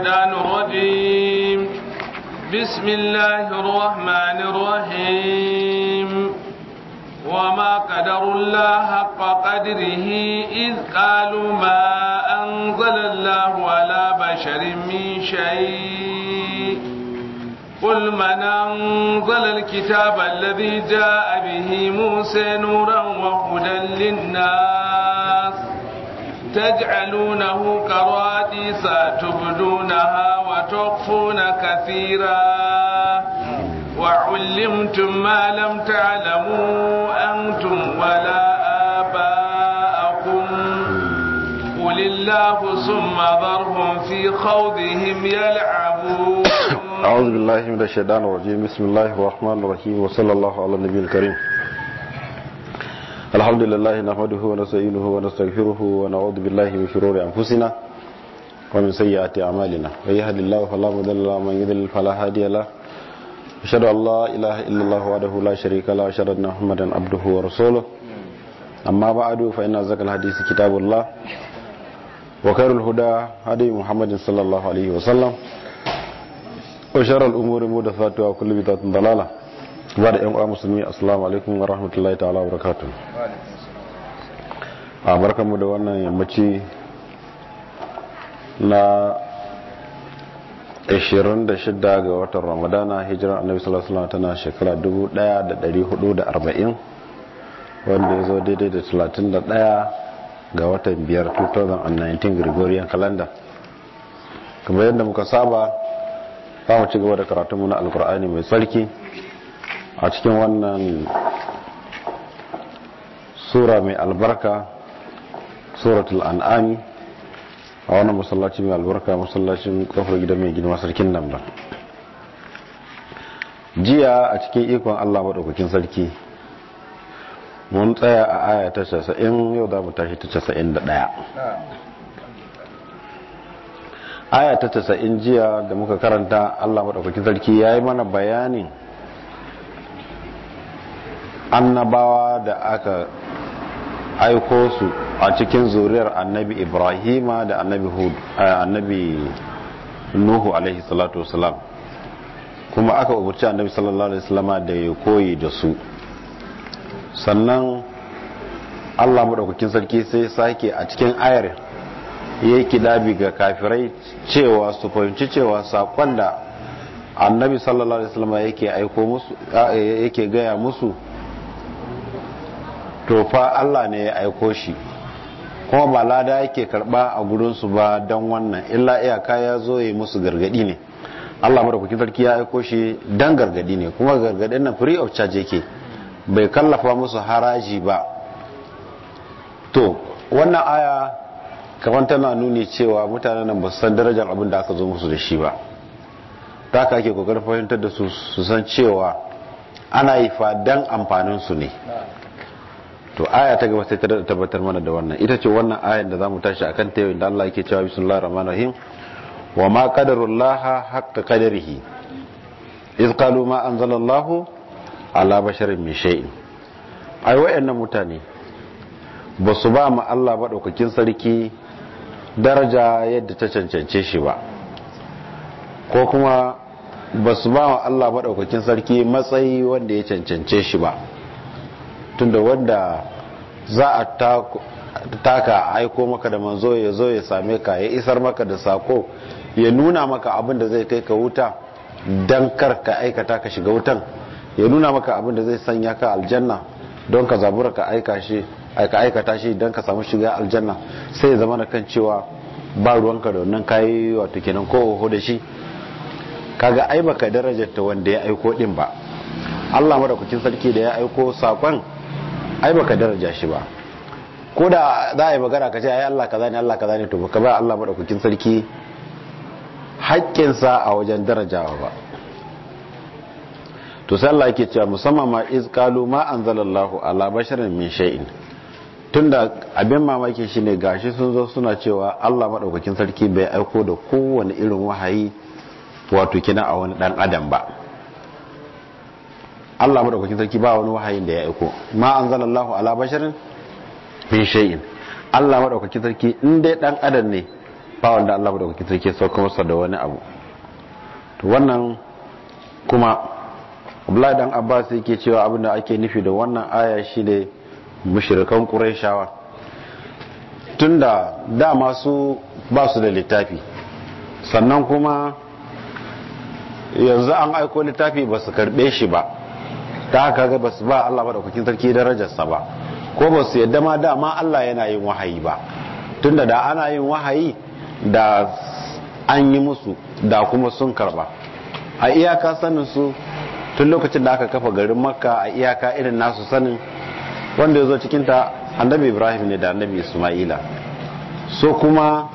الشيطان الرجيم بسم الله الرحمن الرحيم وما قدر الله حق قدره إذ قالوا ما أنزل الله على بشر من شيء قل من أنزل الكتاب الذي جاء به موسى نورا وهدى للناس تجعلونه كراديس تبدونها وتخفون كثيرا وعلمتم ما لم تعلموا أنتم ولا آباءكم قل الله ثم ذرهم في خوضهم يلعبون أعوذ بالله من الشيطان الرجيم بسم الله الرحمن الرحيم وصلى الله على النبي الكريم الحمد لله نحمده ونستعينه ونستغفره ونعوذ بالله من شرور أنفسنا ومن سيئات أعمالنا من يهد الله فلا مضل له ومن يضلل فلا هادي له أشهد أن لا إله إلا الله وحده لا شريك له أشهد أن محمدا عبده ورسوله أما بعد فإن أزكى الحديث كتاب الله وخير الهدى هدي محمد صلى الله عليه وسلم وشر الأمور محدثاتها وكل بدعة ضلالة ba da 'yan uwa musulmi assalamu alaikum wa rahmatullahi ta'ala wa barakatun a barkanmu da wannan yammaci na 26 ga watan ramadana hijiran annabi sallallahu alaihi tana shekara 1440 wanda ya zo daidai da 31 ga watan 5 2019 gregorian calendar kamar yadda muka saba ba mu ci gaba da karatunmu na alkur'ani mai tsarki a cikin wannan sura mai albarka suratul an'ami a wannan masallaci mai albarka masallacin kofar gidan mai girma sarkin nan ba jiya a cikin ikon allah maɗaukakin sarki mun tsaya a aya ta casa'in yau za mu tashi ta casa'in da ɗaya aya ta casa'in jiya da muka karanta allah maɗaukakin sarki ya yi mana bayanin annabawa da aka aiko su a cikin zuriyar annabi ibrahima da annabi hud eh, annabi nuhu alaihi salatu wasalam kuma aka ubuci annabi sallallahu alaihi wasallama da ya koyi da su sannan Allah madaukakin sarki sai sake a cikin ayar ya kidabi ga kafirai cewa su fahimci cewa sakon da annabi sallallahu alaihi wasallama yake eh, gaya musu to fa Allah ne ya aiko shi kuma ba lada yake karba a gurinsu ba don wannan illa iyaka ya zo yi musu gargadi ne Allah madaukakin sarki ya aiko shi don gargadi ne kuma gargadin na free of charge yake bai kallafa musu haraji ba to wannan aya kamar tana nuni cewa mutanen nan ba san darajar abin da aka zo musu da shi ba ta ka ake kokarin fahimtar da su su san cewa ana yi fa don amfanin ne to aya ta gaba sai ta tabbatar mana da wannan ita ce wannan ayar da zamu tashi akan ta yau da Allah yake cewa bismillahir rahmanir rahim wa ma qadarullaha haqqa qadarihi iz qalu ma anzalallahu ala basharin min shay'in ai wayannan mutane ba su ba mu Allah ba daukakin sarki daraja yadda ta cancance shi ba ko kuma ba su ba mu Allah ba daukakin sarki matsayi wanda ya cancance shi ba tunda wanda za a taka aiko maka da manzo ya zo ya same ka ya isar maka da sako ya nuna maka abin da zai kai ka wuta don kar ka aikata ka shiga wutan ya nuna maka abin da zai sanya ka aljanna don ka zabura ka aikata shi don ka samu shiga aljanna sai ya zama na kan cewa ba ruwanka da wannan kayi wata kenan ko oho da shi kaga ai baka ta wanda ya aiko din ba Allah madaukakin sarki da ya aiko sakon ai baka daraja shi ba ko da za a yi magana ka ce ai Allah kaza ne Allah kaza ne to baka ba Allah madaukakin sarki haƙƙinsa a wajen darajawa ba to sai Allah yake cewa musamman ma iz qalu ma anzalallahu ala basharin min shay'in tunda abin mamaki shine gashi sun zo suna cewa Allah madaukakin sarki bai aiko da kowane irin wahayi wato kina a wani dan adam ba Allah madaukakin sarki ba wani wahayin da ya aiko ma anzalallahu ala basharin min shay'in Allah madaukakin sarki in dai dan adam ne ba wanda Allah madaukakin sarki ya sauka masa da wani abu to wannan kuma Abdullahi dan Abbas yake cewa abin da ake nufi da wannan aya shine mushrikan Quraishawa tunda dama su ba su da littafi sannan kuma yanzu an aiko littafi ba su karbe shi ba ta haka ga basu ba Allah madaukakin sarki darajarsa ba ko basu su yadda ma dama Allah yana yin wahayi ba tunda da ana yin wahayi da an yi musu da kuma sun karba a iyaka sanin su tun lokacin da aka kafa garin makka a iyaka irin nasu sanin wanda ya zo cikinta annabi ibrahim ne da annabi isma'ila so kuma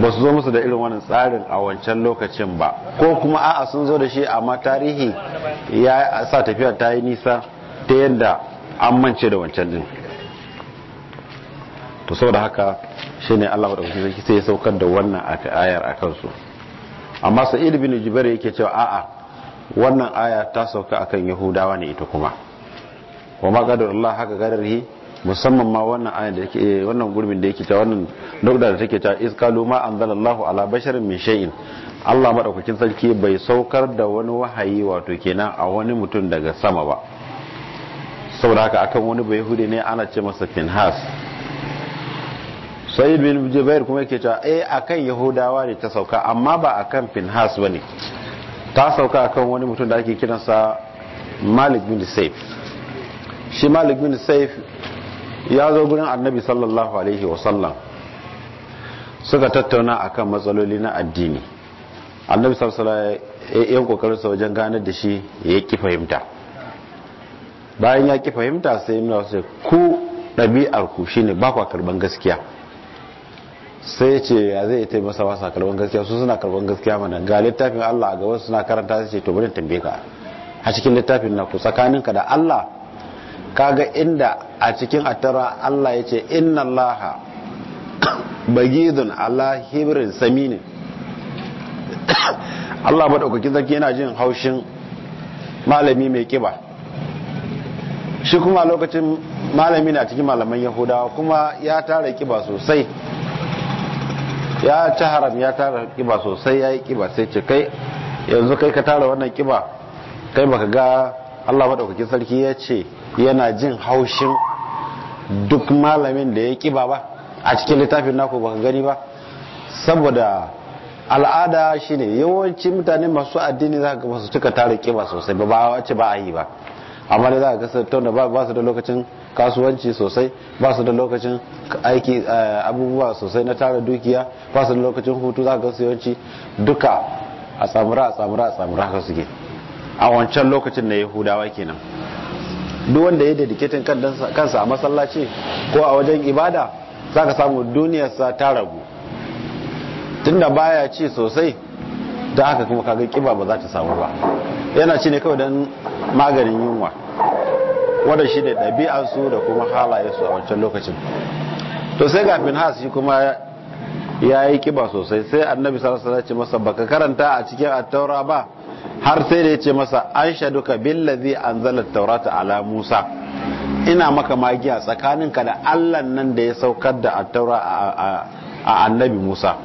ba su zo musu da irin wani tsarin a wancan lokacin ba ko kuma a'a sun zo da shi amma tarihi ya sa tafiya ta yi nisa ta yadda an mance da wancan din to saboda haka shine Allah da kuke sai ya saukar da wannan a ayar a kansu amma sa'id bin jubair yake cewa a'a wannan aya ta sauka akan yahudawa ne ita kuma wa ma qadarullah haka musamman ma wannan ayin da yake eh, wannan gurbin da yake ta wannan dokda da take ta iskalu ma anzalallahu ala basharin min shay'in Allah madaukakin sarki bai saukar da wani wahayi wato kenan a wani mutum daga sama ba saboda haka akan wani bai hude ne ana ce masa Finhas sai bin Jubair kuma yake ta eh akan Yahudawa ne ta sauka amma ba akan Finhas bane ta sauka akan wani mutum da ake kiransa Malik bin Saif shi Malik bin Saif ya zo gurin annabi sallallahu alaihi wasallam suka tattauna akan matsaloli na addini annabi sallallahu ya wasallam ya wajen ganar da shi ya ki fahimta bayan ya ki fahimta sai ya nuna ku ɗabi'ar ku shine ba kwa karban gaskiya sai ce ya zai ita masa wasa karban gaskiya su suna karban gaskiya mana ga littafin Allah a gaban suna karanta sai ce to bari tambaye ka a cikin littafin na ku tsakaninka da Allah kaga inda a cikin atara Allah ya ce inna allaha bagidun allah hibirin samini Allah maɗaukakin sarki yana jin haushin malami mai kiba shi kuma lokacin malami na cikin malaman yahudawa kuma ya tara kiba sosai ya ci haram ya tara kiba sosai ya yi kiba sai ce kai yanzu kai ka tara wannan kiba kai baka ga Allah maɗaukakin sarki ya ce yana jin haushin duk malamin da ya kiba ba a cikin littafin naku ba gani ba saboda al'ada shine yawanci mutane masu addini za ka su cika tara kiba sosai ba a ce ba a yi ba amma da za ka kasar ba su da lokacin kasuwanci sosai ba su da lokacin aiki eh, abubuwa sosai na tara dukiya ba su da lokacin hutu za ka su yawanci duka a samura a samura a samura haka suke a wancan lokacin na yahudawa kenan duk wanda ya dedikitin kansa a masallaci ko a wajen ibada za ka samu duniyarsa ta ragu tunda baya ci sosai da haka kuma kaga kiba ba za ta samu ba yana ci ne kawai don maganin yunwa wadda shi ne ɗabi'arsu da kuma halayensu a wancan lokacin to sai ga finhas shi kuma ya yi kiba sosai sai annabi sarasa ce masa baka karanta a cikin attaura ba har sai da ya ce masa an shaduka billazi zala taurata ala musa ina maka magiya tsakaninka da allah nan da ya saukar da taura a annabi musa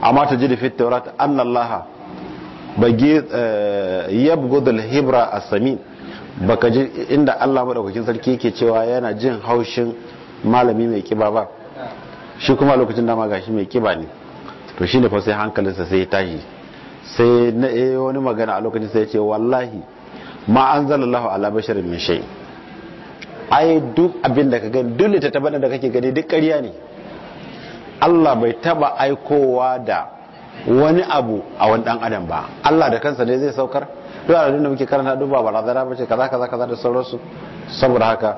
amma ta ji da fit taurata annallaha bagi eh, yabgudul hibra a samin baka ji inda allah madaukakin sarki yake cewa yana jin haushin malami mai kiba ba shi kuma lokacin dama gashi mai kiba ne to shine fa sai hankalinsa sai ya tashi sai na eh, wani magana a lokacin sai ce wallahi ma an zalallahu ala basharin min shay ai duk abin da ka gani duk littattafan da kake gani duk karya ne Allah bai taba aikowa da wani abu a wani dan adam ba Allah da kansa ne zai saukar duk aladun da muke karanta duk ba barazana ba ce kaza kaza kaza da sauransu saboda haka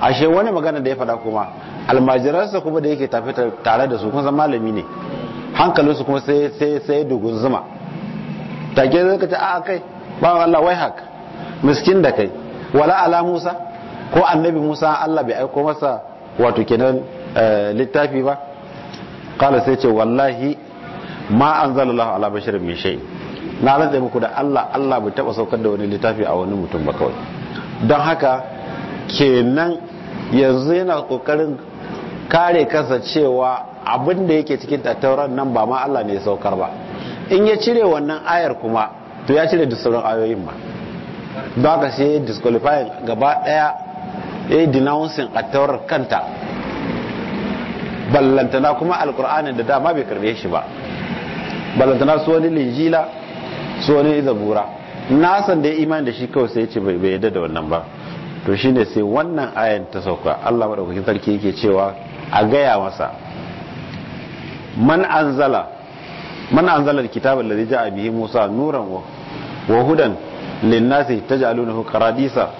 ashe wani magana da ya faɗa kuma almajiransa kuma da yake tafi tare da su kun san malami ne hankalinsu kuma sai sai sai dugun zuma take zai ka ta a kai ba Allah wai hak miskin da kai wala ala Musa ko annabi Musa Allah bai aiko masa wato kenan eh, littafi ba kala sai ce wallahi ma anzalallahu ala bashar min shay na rantsa muku da Allah Allah bai taba saukar da wani littafi a wani mutum ba kawai don haka kenan yanzu yana kokarin kare kasa cewa abin da yake cikin tattauran nan ba ma Allah ne ya saukar ba in ya cire wannan ayar kuma to ya cire da sauran ayoyin ma don haka sai ya disqualifying gaba daya ya yi denouncing attaurar kanta ballantana kuma alkur'anin da dama bai karbe shi ba ballantana su wani linjila su wani zabura na san da ya imani da shi kawai sai ce bai yadda da wannan ba to shine sai wannan ayan ta sauka Allah madaukakin sarki yake cewa a gaya masa man anzala man anzala kitab alladhi ja'a bihi Musa nuran wa hudan linnasi taj'alunahu qaradisa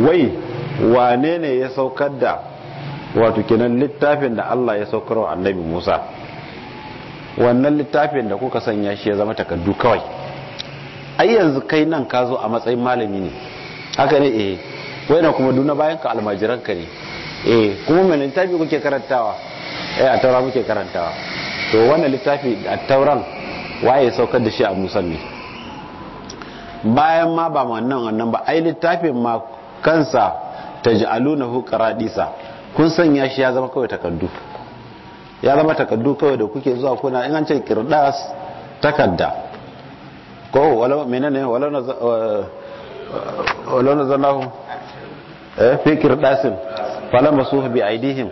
wai wane ne ya saukar da wato kenan littafin da Allah ya saukar wa annabi Musa wannan littafin da kuka sanya shi ya zama takardu kawai ai yanzu kai nan ka zo a matsayin malami ne haka ne eh wai na kuma duna bayan ka almajiran ka ne eh kuma mai littafi kuke karantawa eh a taura muke karantawa to wannan littafi a tauran waye saukar da shi a musalli bayan ma ba wannan wannan ba ai littafin ma kansa ta ji hukara disa kun sanya shi ya zama kawai takaddu ya zama takaddu kawai da kuke zuwa kuna in an ce kirdas takarda ko wala, menene walau na eh, na zanahu Eh, fi kirdasin fala masu bi aidihim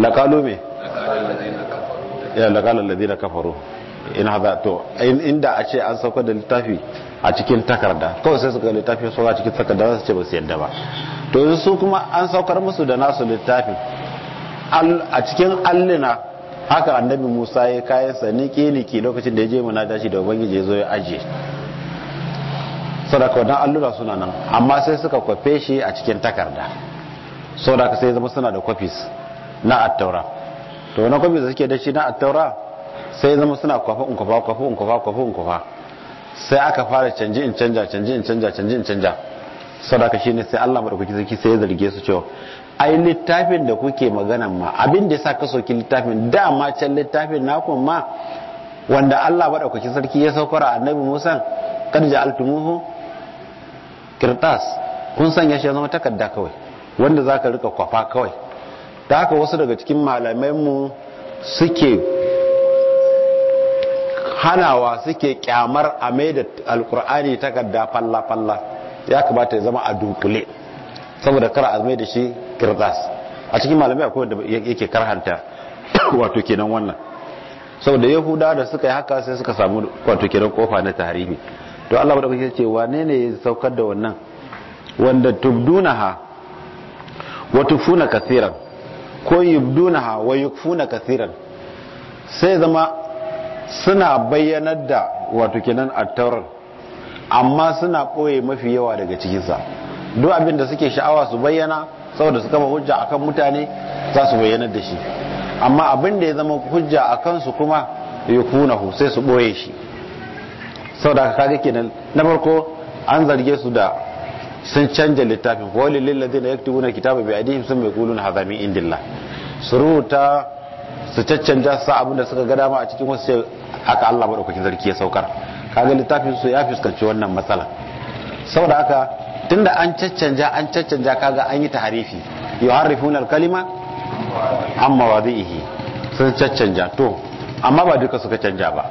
laqalu me ya laqala alladhina kafaru in hadha to inda a ce an sauka da littafi a cikin takarda kawai sai suka littafi su a cikin takarda su ce ba su yadda ba to su kuma an saukar musu da nasu littafi a cikin allina haka annabi Musa ya kayan sa niki niki lokacin da ya je munada shi da ubangiji ya zo ya ajiye sadaka wadan allura suna nan amma sai suka kwafe shi a cikin takarda sadaka sai zama suna da kwafis na attaura to wani kwafis da suke da shi na attaura sai zama suna kwafi in kwafa kwafa in kwafa in kwafa sai aka fara canji in canja canji in canja canji in canja sadaka shi ne sai Allah madaukaki zaki sai ya zarge su cewa ai littafin da kuke magana ma abin da sa ka soki littafin dama can littafin naku ma wanda Allah madaukaki sarki ya saukar annabi Musa kad altumuhu kirtas kun sanya shi zama takarda kawai wanda za ka rika kwafa kawai ta haka wasu daga cikin mu suke hanawa suke kyamar a mai da alkur'ani takarda falla-falla ya kamata ya zama a dunkule saboda kar a mai da shi kirtas a cikin malamai akwai wanda yake karhanta wato kenan wannan saboda yahuda da suka yi haka sai suka samu wato kenan kofa na tarihi to Allah madaukaki ce wane ne ya saukar da wannan wanda tubdunaha wa tufuna kasiran ko yubdunaha wa yukfuna kasiran sai zama suna bayyanar da wato kenan attaurar amma suna koye mafi yawa daga cikinsa duk abin da suke sha'awa su bayyana saboda su kama hujja akan mutane za su bayyanar da shi amma abin da ya zama hujja a kansu kuma ya hu sai su ɓoye shi saboda kaga kenan na farko an zarge su da sun canja littafin wali lillazi na yaktubuna kitabu bi adihin sun mai na hazami indillah su rubuta su caccanja sa abinda suka ga dama a cikin wasu haka Allah madaukakin sarki ya saukar kaga littafin su ya fuskanci wannan matsala saboda haka tunda an caccanja an caccanja kaga an yi taharifi yuharrifuna al-kalima amma wadihi sun caccanja to amma ba duka suka canja ba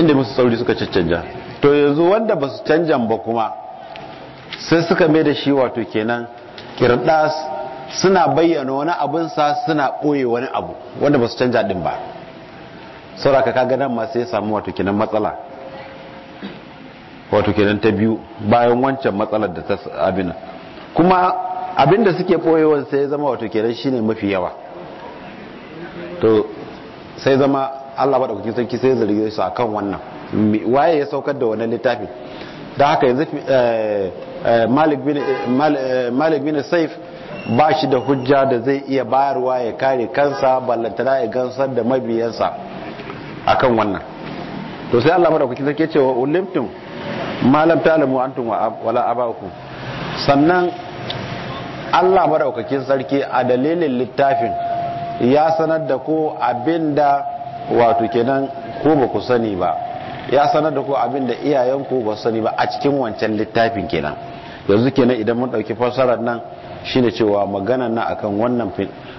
inda musu sauri suka caccanja to yanzu wanda ba su canjan ba kuma sai suka mai da shi wato kenan kirdas suna bayyana wani abinsa suna ɓoye wani abu wanda ba su canja ɗin ba sauraka kaga nan ma sai ya samu wato kenan matsala wato kenan ta biyu bayan wancan matsalar da ta abin kuma abinda suke wani sai ya zama wato kenan shine mafi yawa to sai zama Allah madaukakin sarki sai zarge su akan wannan waye ya saukar da wannan littafin da haka yanzu eh, eh, eh, malik bin saif ba shi da hujja da zai iya bayarwa ya kare kansa ballantana ya gansar da mabiyansa akan wannan to sai Allah ɗaukakin sarki ya ce wa ulimtum malam ta'lamu tun wala abakum sannan Allah ɗaukakin sarki a dalilin littafin ya sanar da ku abinda wato kenan ko ba ku sani ba ya sanar da ku abin da iyayenku ba sani ba a cikin wancan littafin kenan yanzu kenan idan mun dauki fasarar nan shine cewa magana na akan wannan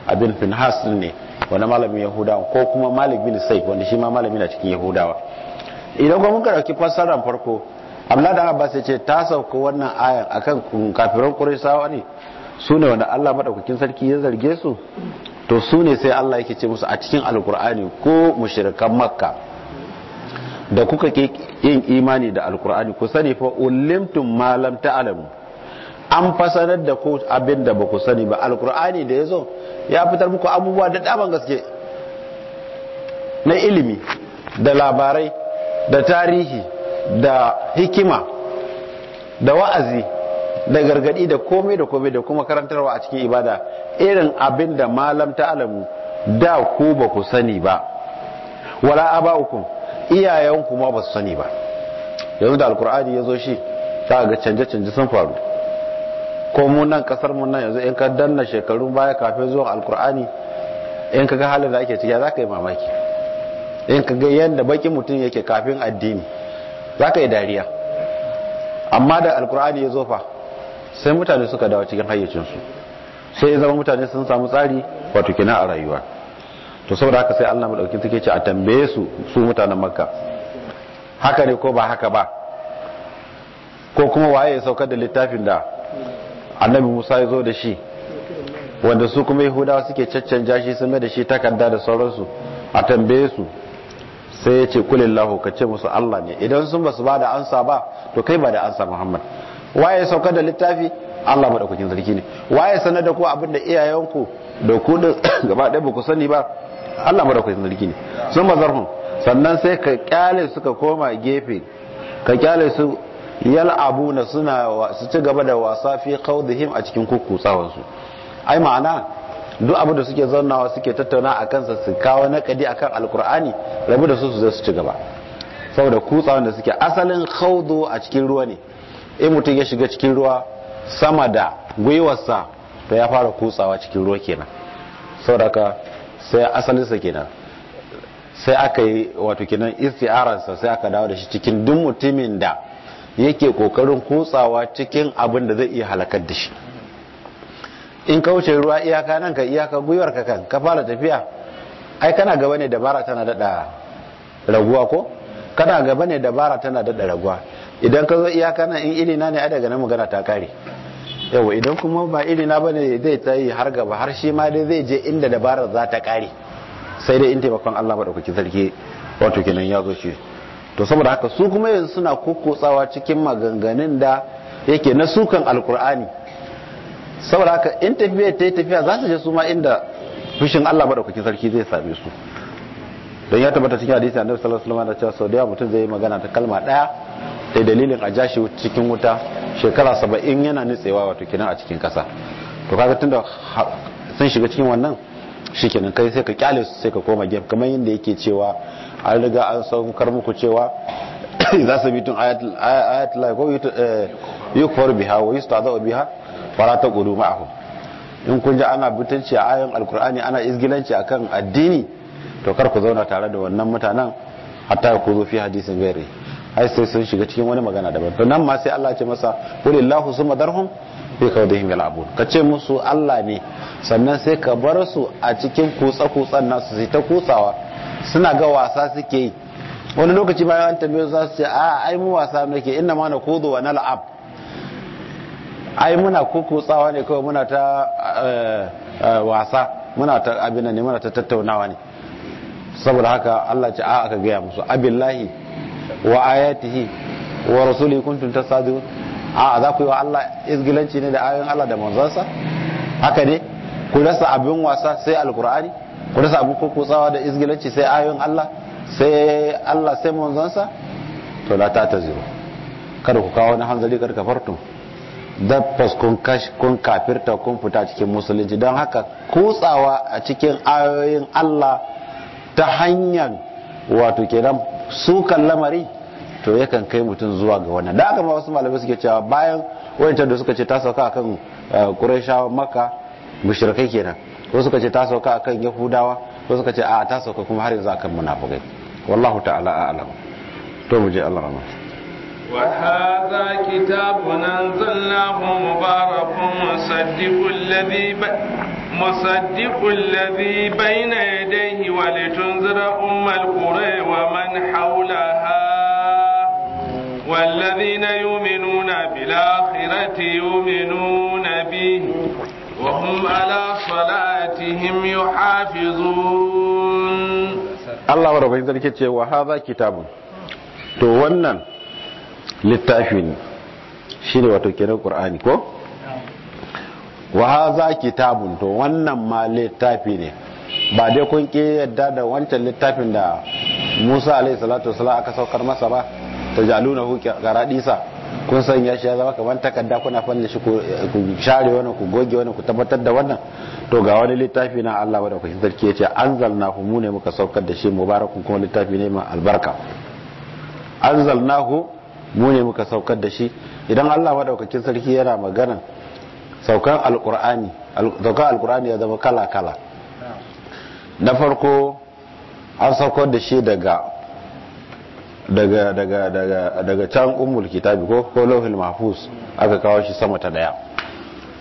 abin finhas ne wani malamin yahudawa ko kuma malik bin saif wanda shi ma malamin a cikin yahudawa idan kuma muka dauki fasarar farko Allah da abbas ya ce ta sauko wannan ayan akan kafiran sawa ne sune ne wanda Allah madaukakin sarki ya zarge su to su ne sai Allah yake ce musu a cikin alkur'ani ko mushrikan makka da kuka ke yin imani da alkur'ani ku sani fa ulimtum ma lam ta'lamu an fasarar da ku abin da ba ku sani ba alkur'ani da ya zo ya fitar muku abubuwa da daban gaske na ilimi da labarai da tarihi da hikima da wa'azi da gargadi da komai da komai da kuma karantarwa a cikin ibada irin abin da malam ta alamu da ku ba ku sani ba wala aba'ukum iyayenku ma ba su sani ba yanzu da alkur'ani ya zo shi za ga canje-canje sun faru ko mu nan kasar mu nan yanzu in ka danna shekarun baya kafin zuwan alkur'ani in ka ga halin da ake ciki za ka yi mamaki in ka ga yadda bakin mutum yake kafin addini za ka yi dariya amma da alkur'ani ya zo fa sai mutane suka dawo cikin hayyacinsu sai in zama mutane sun samu tsari wato kina a rayuwa to saboda haka sai Allah madaukin take ce a tambaye su su mutanen makka haka ne ko ba haka ba ko kuma waye ya saukar da littafin da annabi Musa ya zo da shi wanda su kuma yahudawa suke caccanja shi sun mai da shi takarda da sauransu a tambaye su sai ya ce kulillahu ka ce musu Allah ne idan sun ba su ba da ansa ba to kai ba da ansa Muhammad waye ya saukar da littafi Allah madaukakin sarki ne waye sanar da ku abin iyayenku da ku din gaba ɗaya ba ku sani ba Allah madaukakin sarki ne sun mazarhum sannan sai ka kyale suka koma gefe ka kyale su yal suna su ci gaba da wasa fi qawdihim a cikin kukkutsawan su ai ma'ana duk abu da suke zannawa suke tattauna a kansa su kawo nakadi akan alkur'ani rabu da su su zai su ci gaba saboda kutsawan da suke asalin khawdu a cikin ruwa ne in mutum ya shiga cikin ruwa sama da gwiwarsa to ya fara kutsawa cikin ruwa kenan saboda sai asalinsa kenan sai aka yi wato kenan isti'ararsa sai aka dawo da shi cikin duk mutumin da yake kokarin kutsawa cikin abin da zai iya halakar da shi in ka wuce ruwa iyaka nan ka iyaka gwiwar ka kan ka fara tafiya ai kana gaba ne dabara tana dada raguwa ko kana gaba ne dabara tana dada raguwa idan ka zo iyaka na in ilina ne a daga nan magana ta kare yawa idan kuma ba ilina ba ne zai tsayi har gaba har shi ma dai zai je inda dabarar za ta kare sai dai in taimakon Allah maɗaukaki sarki wato kenan ya zo shi to saboda haka su kuma yanzu suna kokotsawa cikin maganganun da yake na sukan alkur'ani saboda haka in tafiya ta yi tafiya za su je su ma inda fushin Allah maɗaukakin sarki zai same su don ya tabbata cikin hadisi annabi sallallahu alaihi wasallam da cewa sau da yawa mutum zai yi magana ta kalma ɗaya sai eh, dalilin a jashi cikin wuta shekara saba'in yana nutsewa wato kenan a cikin kasa to kaga tunda sun shiga cikin wannan shi kenan kai sai ka kyale su sai ka koma gem kamar yadda yake cewa an riga an saukar muku cewa za su bitun ayat lahi ko yi eh, kwar biha wa yustazau biha fara ta gudu ma'ahu in kun ji ana butanci a ayan alkur'ani ana izgilanci kan addini to kar ku zauna tare da wannan mutanen hatta ku zo fi hadisin gairi ai sai sun shiga cikin wani magana daban to nan ma sai Allah ce masa qulillahu summa darhum bi kawdihim yal'abun ka ce musu Allah ne sannan sai ka bar su a cikin kutsa kutsan nasu sai ta kutsawa suna ga wasa suke yi wani lokaci ma an tambaye su ce a ai mu wasa muke inna ma na kudu wa nal'ab ai muna kukutsawa ne kawai muna ta eh, eh, wasa muna ta abin ne muna ta tattaunawa ne saboda haka Allah ce a aka gaya musu abillahi wa ayatihi wa rasulihi kuntum tasadiqun a za ku yi wa Allah izgilanci ne da ayoyin Allah da manzansa haka ne ku rasa abin wasa sai alkur'ani ku rasa abin kutsawa da izgilanci sai ayoyin Allah sai Allah sai manzansa to la ta taziru kada ku kawo wani hanzari ka farto fas kun kun kafirta kun fita cikin musulunci don haka kutsawa a cikin ayoyin Allah ta hanyar wato kenan sukan lamari to yakan kai mutum zuwa ga wannan da aka ma wasu malamai suke cewa bayan wancan da suka ce ta sauka akan maka eh, makka mushrikai kenan ko suka ce ta sauka kan yahudawa ko suka ce a ta sauka kuma har yanzu akan munafukai wallahu ta'ala a'lam to mu Allah rahmat وهذا كتاب أنزلناه مبارك مصدق الذي ب... مصدق الذي بين يديه ولتنذر أم القرى ومن حولها والذين يؤمنون بالآخرة يؤمنون به وهم على صلاتهم يحافظون الله ربنا ذلك wa hadha kitabun to wannan littafi ne shi ne wato kenan ƙur'ani ko wa kitabun to wannan ma littafi ne ba dai kun ke yadda da wancan littafin da musa alai salatu wasalam aka saukar masa ba ta na hu garaɗisa kun sanya shi ya zama kamar takarda kuna fannin shi ku share wani ku goge wani ku tabbatar da wannan to ga wani littafi na Allah wadda ku ce yace zalna mu ne muka saukar da shi mubarakun kuma littafi ne ma albarka anzalnahu mu ne muka saukar da shi idan Allah madaukakin sarki yana magana saukan alkur'ani saukan alkur'ani ya zama kala kala na farko an saukar da shi daga daga daga daga daga can ummul kitabi ko ko lauhin mahfuz aka kawo shi sama ta daya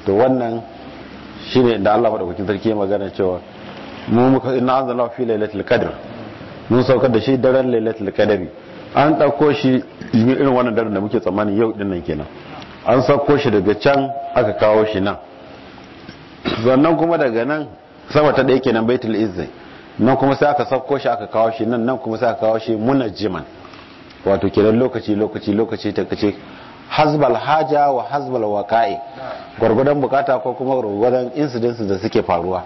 to wannan shine da Allah madaukakin sarki ya magana cewa mu muka inna anzalna fi lailatul qadr mun saukar da shi daren lailatul qadri an dauko shi irin wannan daren da muke tsammanin yau din nan kenan an sauko shi daga can aka kawo shi nan zannan kuma daga nan sama ta ɗaya kenan baitul izzi nan kuma sai aka sauko shi aka kawo shi nan nan kuma sai aka kawo shi munajjiman wato kenan lokaci lokaci lokaci ta kace hasbal haja wa hasbal waqa'i gurgudan bukata ko kuma gurgudan incidents da suke faruwa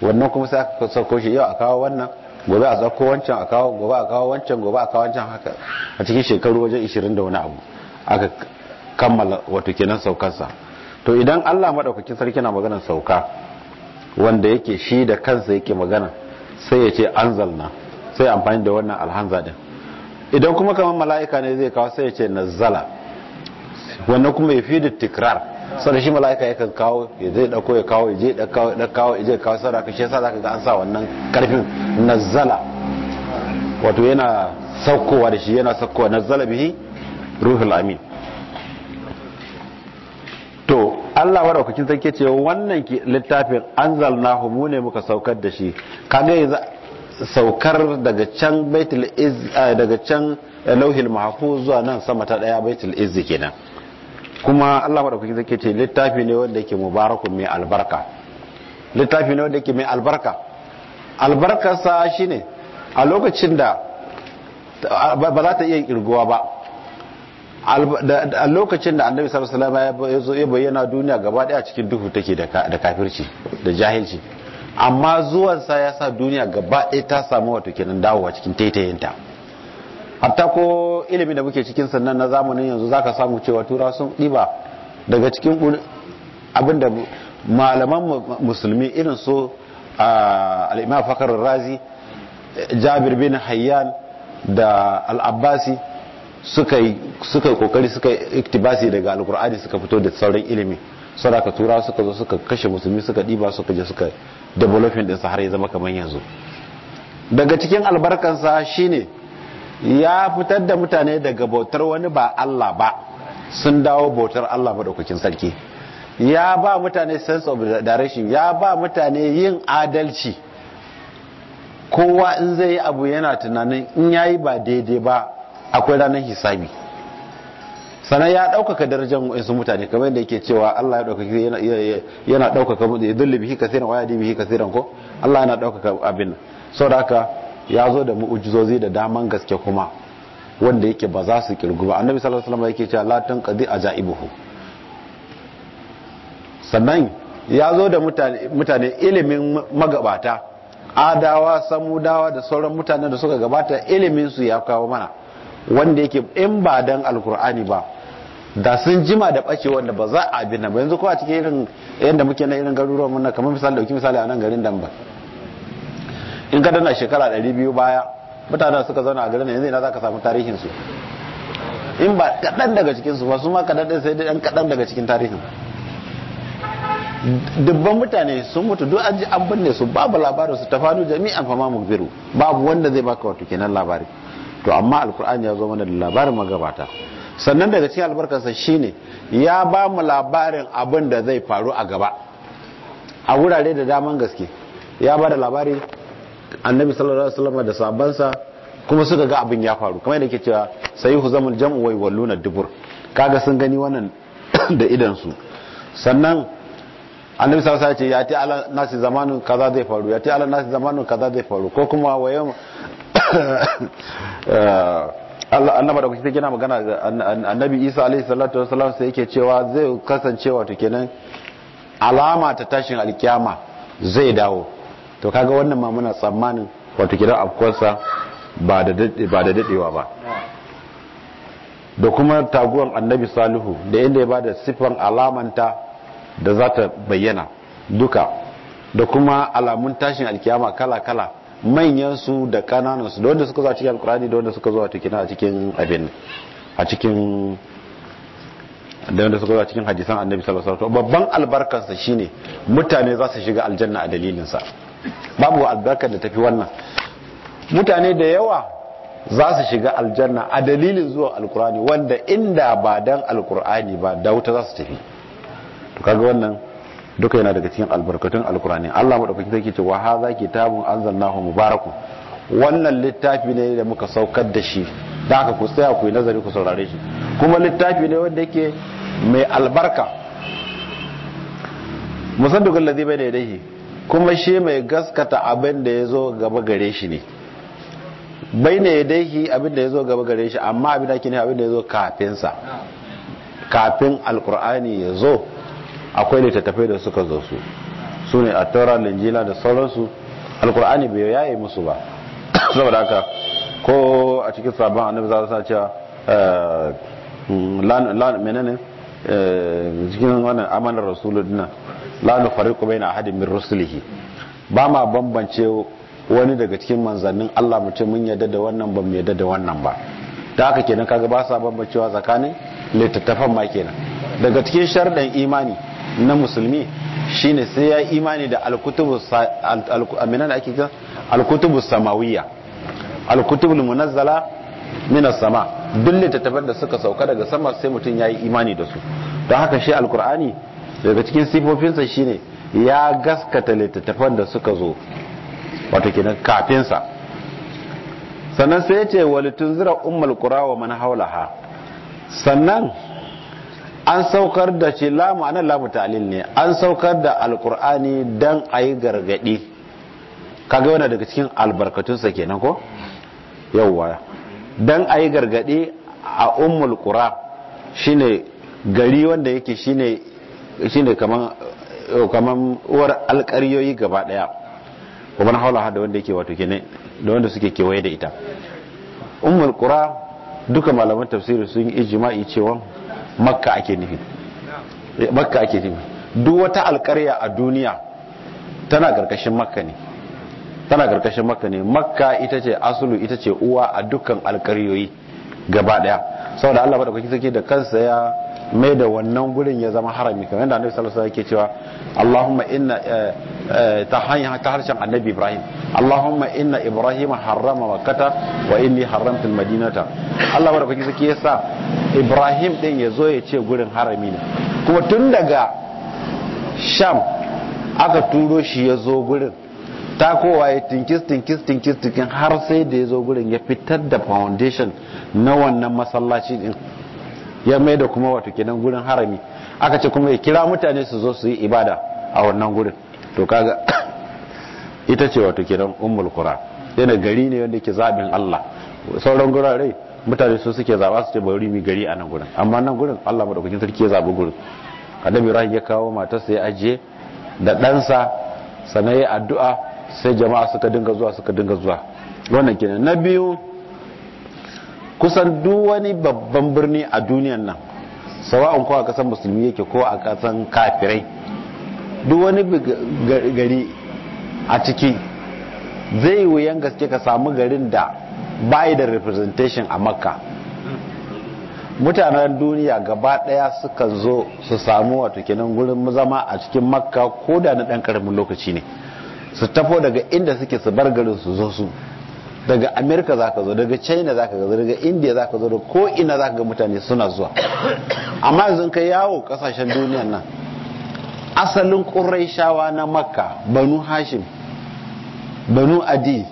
wannan kuma sai aka sauko shi yau a kawo wannan gobe a zako wancan a kawo gobe a kawo wancan gobe a kawo wancan haka a cikin shekaru wajen 20 da wani abu aka kammala wato kenan saukarsa to idan Allah madaukakin sarki na maganar sauka wanda yake shi da kansa yake magana sai ya ce anzalna sai amfani da wannan alhanza din idan kuma kamar mala'ika ne zai kawo sai ya ce zala wannan kuma ya fi da tikrar saboda shi mala'ika ya kan kawo ya zai dauko ya kawo ya je da kawo ya kawo ya je kawo saboda ka shi yasa zaka ga an sa wannan karfin nazala wato yana saukowa da shi yana saukowa nazala bihi ruhul amin to Allah wa daukakin sarki ce wannan littafin anzalnahu mu ne muka saukar da shi kaga yanzu saukar daga can baitul iz eh, daga can lauhil mahfuz zuwa nan sama ta daya baitul iz kenan kuma Allah madaukaki zake ce littafi ne wanda yake mubarakun mai albarka littafi ne wanda yake mai albarka shi shine a lokacin da ba za ta iya kirguwa ba a lokacin da annabi sallallahu alaihi wasallam ya bayyana duniya gaba daya cikin duhu take da kafirci da jahilci amma zuwansa ya sa duniya gaba ɗaya ta samu wato kenan dawowa cikin taitayinta hatta ko ilimi da muke cikin sannan na zamanin yanzu zaka samu cewa tura sun ɗiba daga cikin abin da malaman musulmi irin su al'imam fakar razi jabir bin hayyan da al'abbasi suka yi kokari suka yi iktibasi daga alkur'ani suka fito da sauran ilimi sadaka tura suka zo suka kashe musulmi suka ɗiba suka je suka development ɗinsa har ya zama kamar yanzu daga cikin albarkansa shine ya fitar da mutane daga bautar wani ba Allah ba sun dawo bautar Allah ba madaukakin sarki ya ba mutane sense of direction ya ba mutane yin adalci kowa in zai yi abu yana tunanin in yayi ba daidai ba akwai ranar hisabi sannan ya ɗaukaka darajar wasu mutane kamar da yake cewa Allah ya daukaka yana ɗaukaka ya dulli bihi kasiran wa yadi bihi kasiran ko Allah yana ɗaukaka abin saboda haka ya zo da mu'ujizozi da daman gaske kuma wanda yake ba za su kirgu ba annabi sallallahu alaihi wasallam yake cewa la tanqadi ajaibuhu sannan ya zo da mutane ilimin magabata adawa samudawa da sauran mutanen da suka gabata ilimin su ya kawo mana wanda yake in ba dan alkur'ani ba da sun jima da bace wanda ba za a bi na ba yanzu ko a cikin irin yanda muke na irin garuruwan mun kamar misali dauki misali a nan garin Dambar in ka dana shekara 200 baya mutanen suka zauna a garin yanzu ina za ka samu tarihinsu in ba kaɗan daga cikinsu ba su ma kaɗan ɗin sai dai ɗan kaɗan daga cikin tarihin dubban mutane sun mutu duk an ji an binne su babu labarin su tafanu jami'an fama mugbiru babu wanda zai baka wato kenan labari to amma alkur'ani ya zo mana da labarin magabata sannan daga cikin albarkarsa shine ya ba mu labarin abin da zai faru a gaba a wurare da daman gaske ya ba da labari annabi sallallahu alaihi wasallam da sabansa kuma suka ga abin ya faru kamar yadda ke cewa sayyihu zamul jam'u wa walluna dubur kaga sun gani wannan da idan su sannan annabi sallallahu alaihi wasallam ya ce ala nasi zamanin kaza zai faru ya ce ala nasi zamanin kaza zai faru ko kuma waye eh, Allah annaba da kuke gina magana annabi Isa alaihi salatu wasallam sai yake cewa zai kasancewa to kenan alama ta tashin alkiyama zai dawo to kaga wannan ma muna tsammanin wato kiran afkuwarsa ba da dadewa ba da kuma taguwan annabi salihu da inda ya ba da siffan alamanta da za ta bayyana duka da kuma alamun tashin alkiyama kala-kala manyansu da kananansu da wanda suka zo a cikin alkurani da wanda suka zo a a cikin abin a cikin da wanda suka zo a cikin hadisan annabi sallallahu babban albarkarsa shine mutane za su shiga aljanna a dalilinsa babu albarkar da tafi wannan mutane da yawa za su shiga aljanna a dalilin zuwa alkur'ani wanda inda ba dan alkur'ani ba da wuta za su tafi kaga wannan duka yana daga cikin albarkatun alkur'ani Allah madaukakin ke ce wa an zanna hu Mubaraku, wannan littafi ne da muka saukar da shi da aka ku tsaya ku yi nazari ku saurare shi kuma littafi ne wanda yake mai albarka musaddiqul ne ya dahi kuma shi mai gaskata abin da ya zo gaba gare shi ne bai ne shi abin da ya zo gaba gare shi amma abin da ke ne abin da ya zo kafinsa kafin alkur'ani ya zo akwai littattafai da suka zo su su ne a taura linjila da sauransu alkur'ani bai yaye musu ba saboda haka ko a cikin sabon annabi za su sa cewa eh, mm, lan menene Eh, cikin wannan amanar rasulun lalu nu fariqu baina hadin min rusulihi ba ma bambance wani daga cikin manzannin Allah mutum mun yadda da wannan ba mu yadda da wannan ba da haka kenan kaga ba sa bambancewa tsakanin littattafan ma kenan daga cikin sharɗan imani na musulmi shine sai ya imani da alkutubus samawiya ake alkutubus samawiyya alkutubul munazzala minas sama' duk littattafan da suka sauka daga sama sai mutum ya yi imani da su don haka shi alkur'ani daga cikin sifofinsa shine ya gaskata littattafan da suka zo wato kenan kafinsa sannan sai ya ce walitun zira ummal kura wa haula haulaha sannan an saukar da ce lamu anan lamu ta'lil ne an saukar da alkur'ani a yi gargadi kaga yana daga cikin albarkatunsa kenan ko yauwa dan a yi gargaɗe a ummul ƙura shine gari wanda yake shine kaman uwar alƙaryoyi gaba ɗaya kuma na haula da wanda yake wato kene da wanda suke kewaye da ita ummul ƙura duka malaman tafsiri sun yi ijma'i cewa makka ake nufi makka ake nufi duk wata alƙarya a duniya tana ƙarƙashin makka ne tana karkashin makka ne makka ita ce asulu ita ce uwa a dukkan alkaryoyi gaba daya saboda Allah kwaki sarki da kansa ya mai da wannan gurin ya zama harami kamar yadda annabi sallallahu alaihi wasallam yake cewa Allahumma inna eh, eh, ta hanya ta harshen annabi Ibrahim Allahumma inna Ibrahim harrama makkata wa inni haramtu madinata Allah madaukakin sarki ya sa Ibrahim din ya zo ya ce gurin harami ne kuma tun daga Sham aka turo shi ya zo gurin ta kowa ya tinkis tinkis tinkis tinkis har sai da ya zo gurin ya fitar da foundation na wannan masallaci din ya mai da kuma wato kenan gurin harami aka ce kuma ya kira mutane su zo su yi ibada a wannan gurin to kaga ita ce wato kenan ummul qura yana gari ne wanda yake zabin Allah sauran gurare mutane su suke zaba su ce bari mu gari a nan gurin amma nan gurin Allah madaukakin sarki ya zabi gurin annabi Ibrahim ya kawo matarsa ya ajiye da ɗansa sannan addu'a sai jama'a suka dinga zuwa suka dinga zuwa wannan kenan na biyu kusan duk wani babban birni a duniyan nan sawa'an ko a kasan musulmi yake ko a kasan kafirai duk wani gari a ciki zai yi wuyan gaske ka samu garin da bayi da representation a makka mutanen duniya gaba daya sukan zo su samu wato kenan gurin zama a cikin makka ko da na dan karamin lokaci ne su tafo daga inda suke su bar garin su zo su daga amerika za ka zo daga china za ka zo daga india za ka zo da ko ina za ka ga mutane suna zuwa amma yanzu ka yawo kasashen duniyan nan asalin ƙuraishawa na makka banu hashim banu adi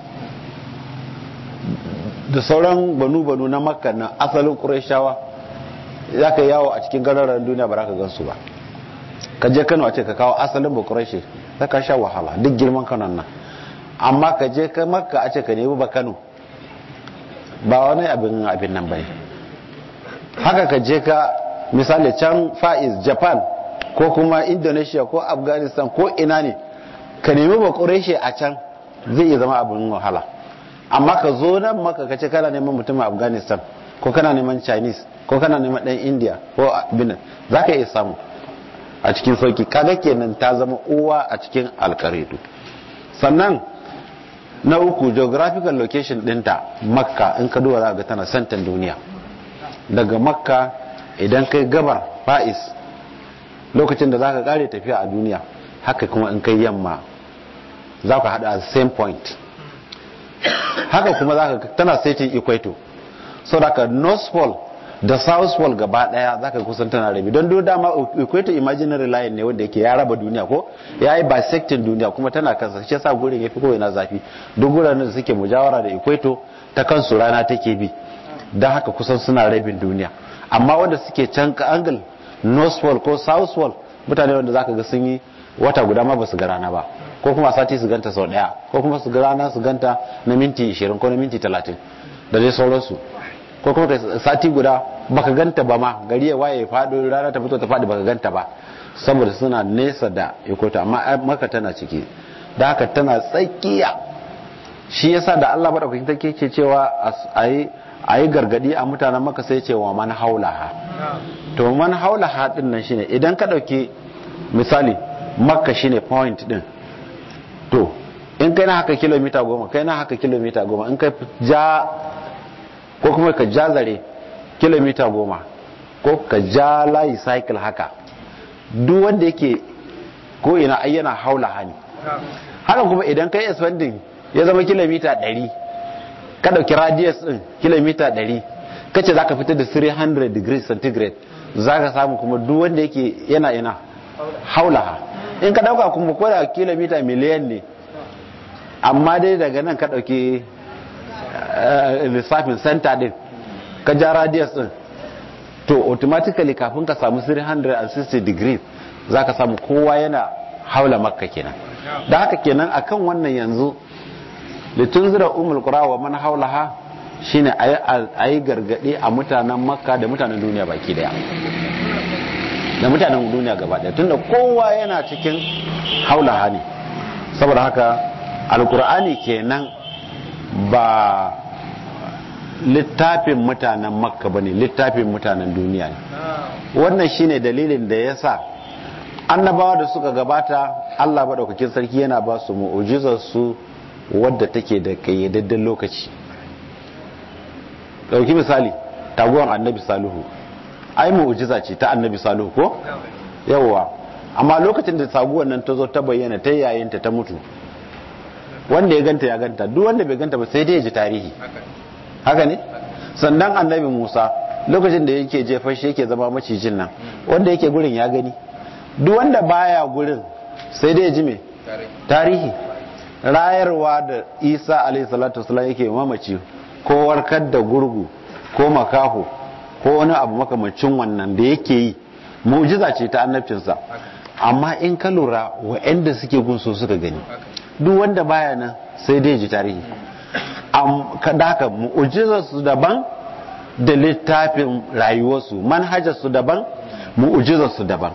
da sauran banu-banu na makka na asalin ƙuraishawa za ka yawo a cikin gararren duniya ba za ka gansu ba ka je kano a ce ka kawo asalin ba ƙuraishe za ka sha wahala duk girman kanon nan amma ka je ka maka a ce ka nemi ba kano ba wani abin abin nan bane haka ka je ka misali can faiz japan ko kuma indonesia ko afghanistan ko ina ne ka nemi ba ƙureshe a can zai iya zama abin wahala amma ka zo nan maka ka ce kana neman mutumin afghanistan ko kana neman chinese ko kana neman dan india ko abin za ka iya samu a cikin sauki kaga kenan ta zama uwa a cikin alkaridu sannan na uku geographical location dinta makka in ka duba za ga tana santan duniya daga makka idan kai gabar fa'is lokacin da za ka kare tafiya a duniya haka kuma in kai yamma za ka hada same point haka kuma za ka tana setin equator so daga north pole da south pole gaba daya zaka kusan tana rabi don do dama equator imaginary line ne wanda yake ya raba duniya ko ya yi bisecting duniya kuma tana kasa shi yasa gurin yafi ko na zafi duk guranin da suke mujawara da equator ta kansu rana take bi don haka kusan suna rabin duniya amma wanda suke can angle north pole ko south pole mutane wanda zaka ga sun yi wata guda ma ba su ga rana ba ko kuma sati su ganta sau daya ko kuma su ga rana su ganta na minti 20 ko na minti 30 da dai sauransu ko kuma ka sati guda baka ganta ba ma gari ya waye fado rana ta fito ta faɗi baka ganta ba saboda suna nesa da ikota amma maka tana ciki da haka tana tsakiya shi yasa da Allah madaukakin take ke cewa ayi ayi gargadi a mutanen maka sai ce wa man haulaha to man haulaha din nan shine idan ka dauki misali makka shine point din to in kai na haka kilomita goma kai na haka kilomita goma in kai ja ko kuma ka jazare kilomita goma ko ka ja layi cycle haka duk wanda yake ko ina ai yana haula hani haka kuma idan kai expanding ya zama kilomita 100 ka dauki radius din kilomita 100 kace zaka fitar da 300 degrees centigrade zaka samu kuma duk wanda yake yana ina haulaha in ka dauka kuma ko da kilomita miliyan ne amma dai daga nan ka dauki lissafin eh, center din ka ja radius din to automatically kafin ka samu 360 degree za ka samu kowa yana haula makka kenan da haka kenan akan wannan yanzu litun zira umul kura wa man haulaha shine a yi gargaɗi a mutanen makka da mutanen duniya baki daya da mutanen duniya gaba daya tunda kowa yana cikin haulaha ne saboda haka alkur'ani kenan ba littafin mutanen makka ba ne littafin mutanen duniya ne wannan shine dalilin da ya sa annabawa da suka gabata allah maɗaukakin sarki yana ba su mu'ujizarsu wadda take da kayyadaddun lokaci ɗauki misali taguwan annabi saluhu ai mu'ujiza ce ta annabi saluhu ko yawwa amma lokacin da taguwan nan ta zo ta bayyana ta yayinta ta mutu wanda ya ganta ya ganta duk wanda bai ganta ba sai dai ya ji tarihi haka ne sannan annabi musa lokacin da yake jefa shi yake zama macijin nan wanda yake gurin ya gani duk wanda baya gurin sai dai ji me tarihi rayarwa da isa alaihi salatu wasallam yake mamaci ko warkar da gurgu ko makaho ko wani abu makamancin wannan da yake yi mu'jiza ce ta annabcinsa amma in ka lura wa'anda suke gunso suka gani duk wanda baya nan sai dai ji tarihi kadaka haka mu'ujizarsu daban da littafin rayuwarsu manhajarsu daban mu'ujizarsu daban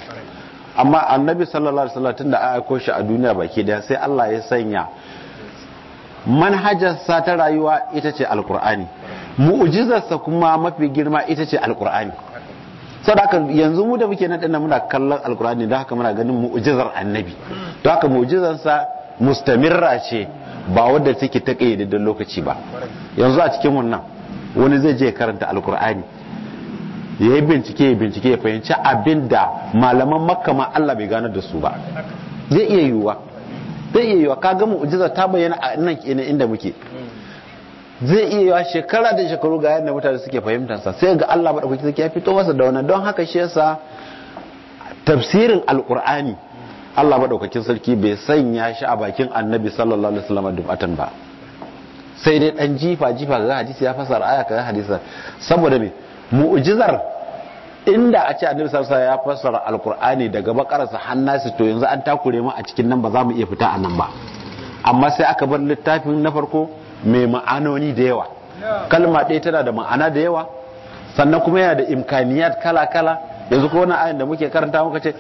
amma annabi sallallahu alaihi wasallam tunda an aiko shi a duniya baki daya sai Allah ya sanya sa ta rayuwa ita ce alkur'ani sa kuma mafi girma ita ce alkur'ani sadaka yanzu mu da muke nan dinnan muna kallon alkur'ani da haka muna ganin mu'ujizar annabi to haka sa mustamirra ce ba wadda take ta kayyadaddin lokaci ba yanzu a cikin wannan wani zai je karanta alkur'ani ya yi bincike bincike ya fahimci abin da malaman makka ma Allah bai gano da su ba zai iya yiwuwa zai iya yiwuwa ka gama ujiza ta bayyana a nan kenan inda muke zai iya yiwuwa shekara da shekaru ga yadda mutane suke sa sai ga Allah maɗaukaki suke ya fito masa da wannan don haka shi yasa tafsirin alkur'ani Allah madaukakin sarki bai sanya shi a bakin annabi sallallahu alaihi wasallam dubatan ba sai dai dan jifa jifa ga hadisi ya fasara aya kaga hadisi saboda me mu'jizar inda a ce annabi sallallahu alaihi wasallam ya fasara alqur'ani daga bakararsa hannasi to yanzu an takure mu a cikin nan ba za mu iya fita a nan ba amma sai aka bar littafin na farko mai ma'anoni da yawa kalma ɗaya tana da ma'ana da yawa sannan kuma yana da imkaniyat kala kala yanzu ko wani ayan da muke karanta muka ce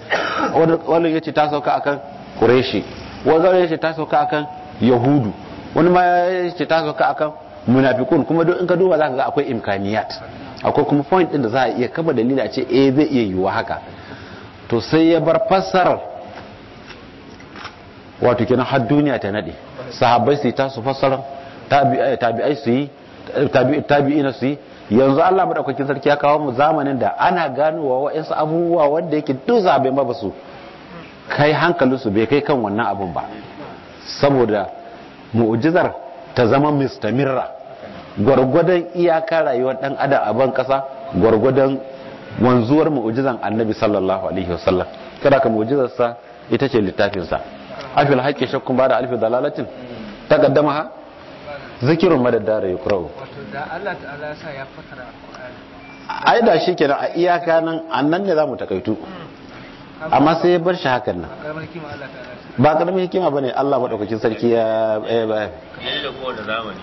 wani ya ce ta sauka akan kureshi wani ya ce ta sauka akan yahudu wani ma ya ce ta sauka akan munafikun kuma in ka duba za ka ga akwai imkaniyat akwai kuma point din da za a iya kama dalili ce eh zai iya yiwuwa haka to sai ya bar fassarar wato kenan har duniya ta nade sahabbai su yi tasu fassarar tabi'ai su yi tabi'ina su yi yanzu Allah madaukakin sarki ya kawo mu zamanin da ana ganowa wa'ansu abubuwa wanda yake duza bai ma basu kai hankalinsu bai kai kan wannan abun ba saboda mu'ujizar ta zama mistamirra gwargwadon iyaka rayuwar ɗan ada a ban kasa gwargwadon wanzuwar mu'ujizan annabi sallallahu alaihi wasallam kada ka mu'ujizarsa ita ce littafinsa afil haƙƙi shakkun bada da alfi dalalatin takaddama ha zikirun madaddara ya kurau ai da shi kenan a iyaka nan annan ne za mu takaitu hmm. amma sai ya bar shi hakan nan ba karamin hikima ba ne allah maɗaukacin sarki ya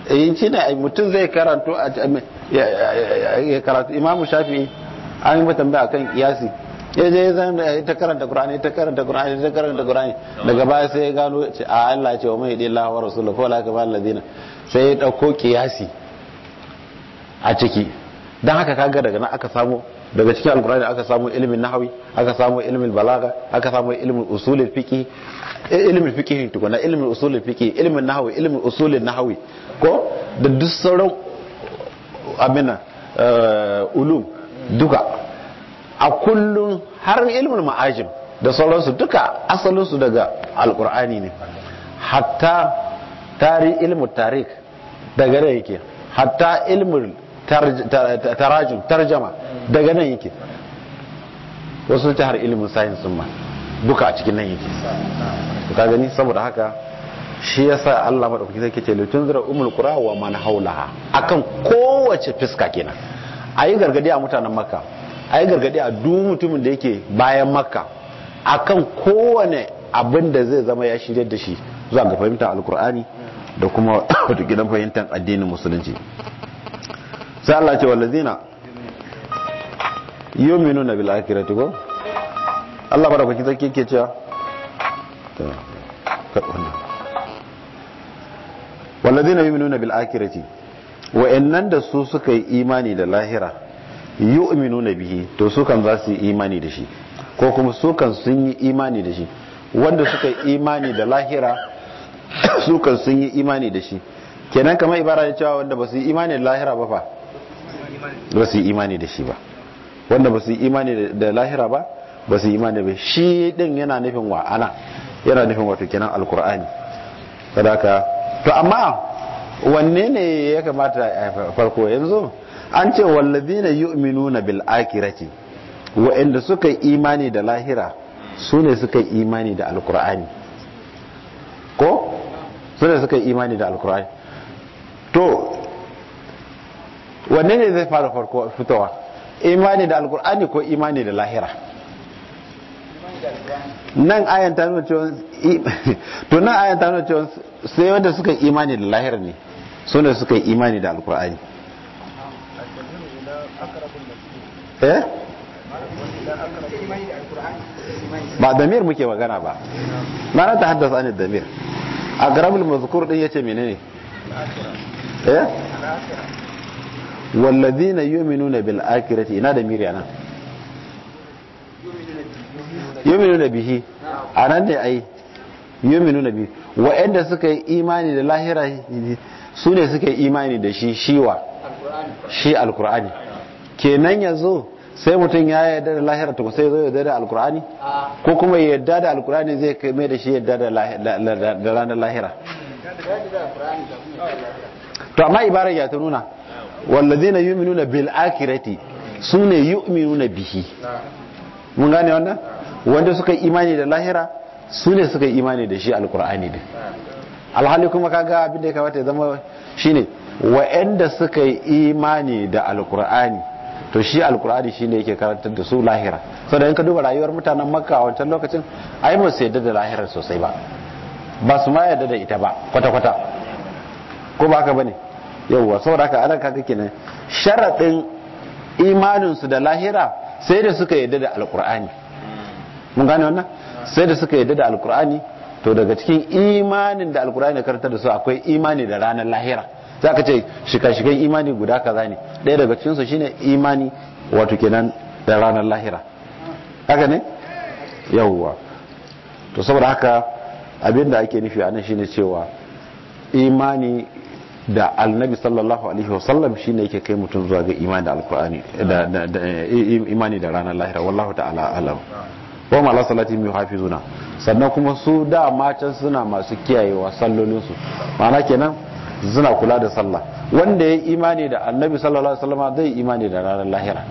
yin ci eh, ne mutum zai karanto ya karanto imamu shafi an yi matamba a kan kiyasi ya je ya zama ta karanta kurani ta karanta kurani ta karanta kurani daga baya sai ya gano a Allah ce wa mai dilla wa rasulullah ko la ka bal sai ya ɗauko kiyasi a ciki don haka kaga daga nan aka samu daga cikin alkurani aka samu ilimin nahawi aka samu ilimin balaga aka samu ilimin usulul fiki eh, ilimin fiqh tukuna ilimin usulul fiki ilimin nahawi ilimin usulul nahawi ko da duk sauran amina eh, ulum duka a kullum har ilimin ma'ajin da sauransu duka asalinsu daga alkur'ani ne hatta tari ilmu tarik daga nan yake hatta ilmu tarajin tarjama daga nan yake wasu ta har ilmin sun ma duka a cikin nan yake ka gani saboda haka shi ya sa Allah maɗauki zai kece lutun zira umar kura wa man haulaha akan kowace fiska kenan a yi gargadi a mutanen makka yi gargadi a duk mutumin da yake bayan makka akan kowane abin da zai zama ya shirya da shi zuwa ga fahimtar alkur'ani da kuma wata gidan fahimtar addinin musulunci sai Allah ce wallazina na bil akhirati ko Allah fara baki zaki yake cewa wallazina yu'minuna bil akhirati nan da su suka yi imani da lahira yu'minuna bihi to su kan za su yi imani da shi ko kuma su kan sun yi imani da shi wanda suka yi imani da lahira su kan sun yi imani da shi kenan kama ibara da cewa wanda ba su yi imani da lahira ba fa ba su yi imani da shi ba wanda ba su yi imani da lahira ba ba su yi imani ba shi din yana nufin wa ana yana nufin wato kenan alkur'ani sadaka to amma wanne ne ya kamata eh, farko yanzu an ce yi yu'minuna bil akhirati wa'anda suka imani da lahira su ne suka imani da alkur'ani ko sune suka yi imani da alkurai to wanne ne zai fara farko fitowa imani da alkur'ani ko imani da lahira nan ayan ta nuna cewa to nan ayan ta nuna cewa sai wanda suka yi imani da lahira ne su ne suka yi imani da alkur'ani eh ba damir muke magana ba ma na ta haddasa ne damir a garamul mazkur din yace menene eh walladhina yu'minuna bil akhirati ina da miri anan yu'minuna bihi anan ne ai yu'minuna bihi inda suka yi imani da lahira sune suka yi imani da shi shiwa shi alqur'ani kenan yazo sai mutum ya yarda da lahira to sai zai yarda da alkur'ani ah. ko kuma yarda da alkur'ani zai kai mai da shi yarda da ranar lahira to amma ibarar ya ta nuna wallazina nuna bil Su yi sune nuna bihi mun gane wannan wanda suka yi imani da lahira su ne suka yi imani da shi alkur'ani din alhali kuma kaga abin da ya kamata ya zama shine wa'anda suka yi imani da alkur'ani to shi alkur'ani shi ne yake karantar da su lahira sau in ka duba rayuwar mutanen makka a wancan lokacin a ba su yadda da lahirar sosai ba ba su ma yadda da ita ba kwata-kwata ko ba ka bane yau saboda haka ana ke kenan sharaɗin imaninsu da lahira sai da suka yadda da alkur'ani mun gane wannan sai da suka yadda da alkur'ani to daga cikin imanin da alkur'ani karantar da su akwai imani da ranar lahira za ka ce shika-shikan imani guda kaza ne ɗaya daga cikinsu shine imani wato kenan da ranar lahira haka ne yawwa to saboda haka abinda ake nufi a nan shine cewa imani da annabi sallallahu alaihi wasallam shine yake kai mutum zuwa ga imani da alkur'ani da eh, imani da ranar lahira wallahu ta'ala alam wa ma la salati mi hafizuna sannan kuma su da can suna masu kiyayewa sallolinsu ma'ana kenan Zina kula da sallah wanda ya imani da annabi sallallahu alaihi wasallam zai imani da ranar lahira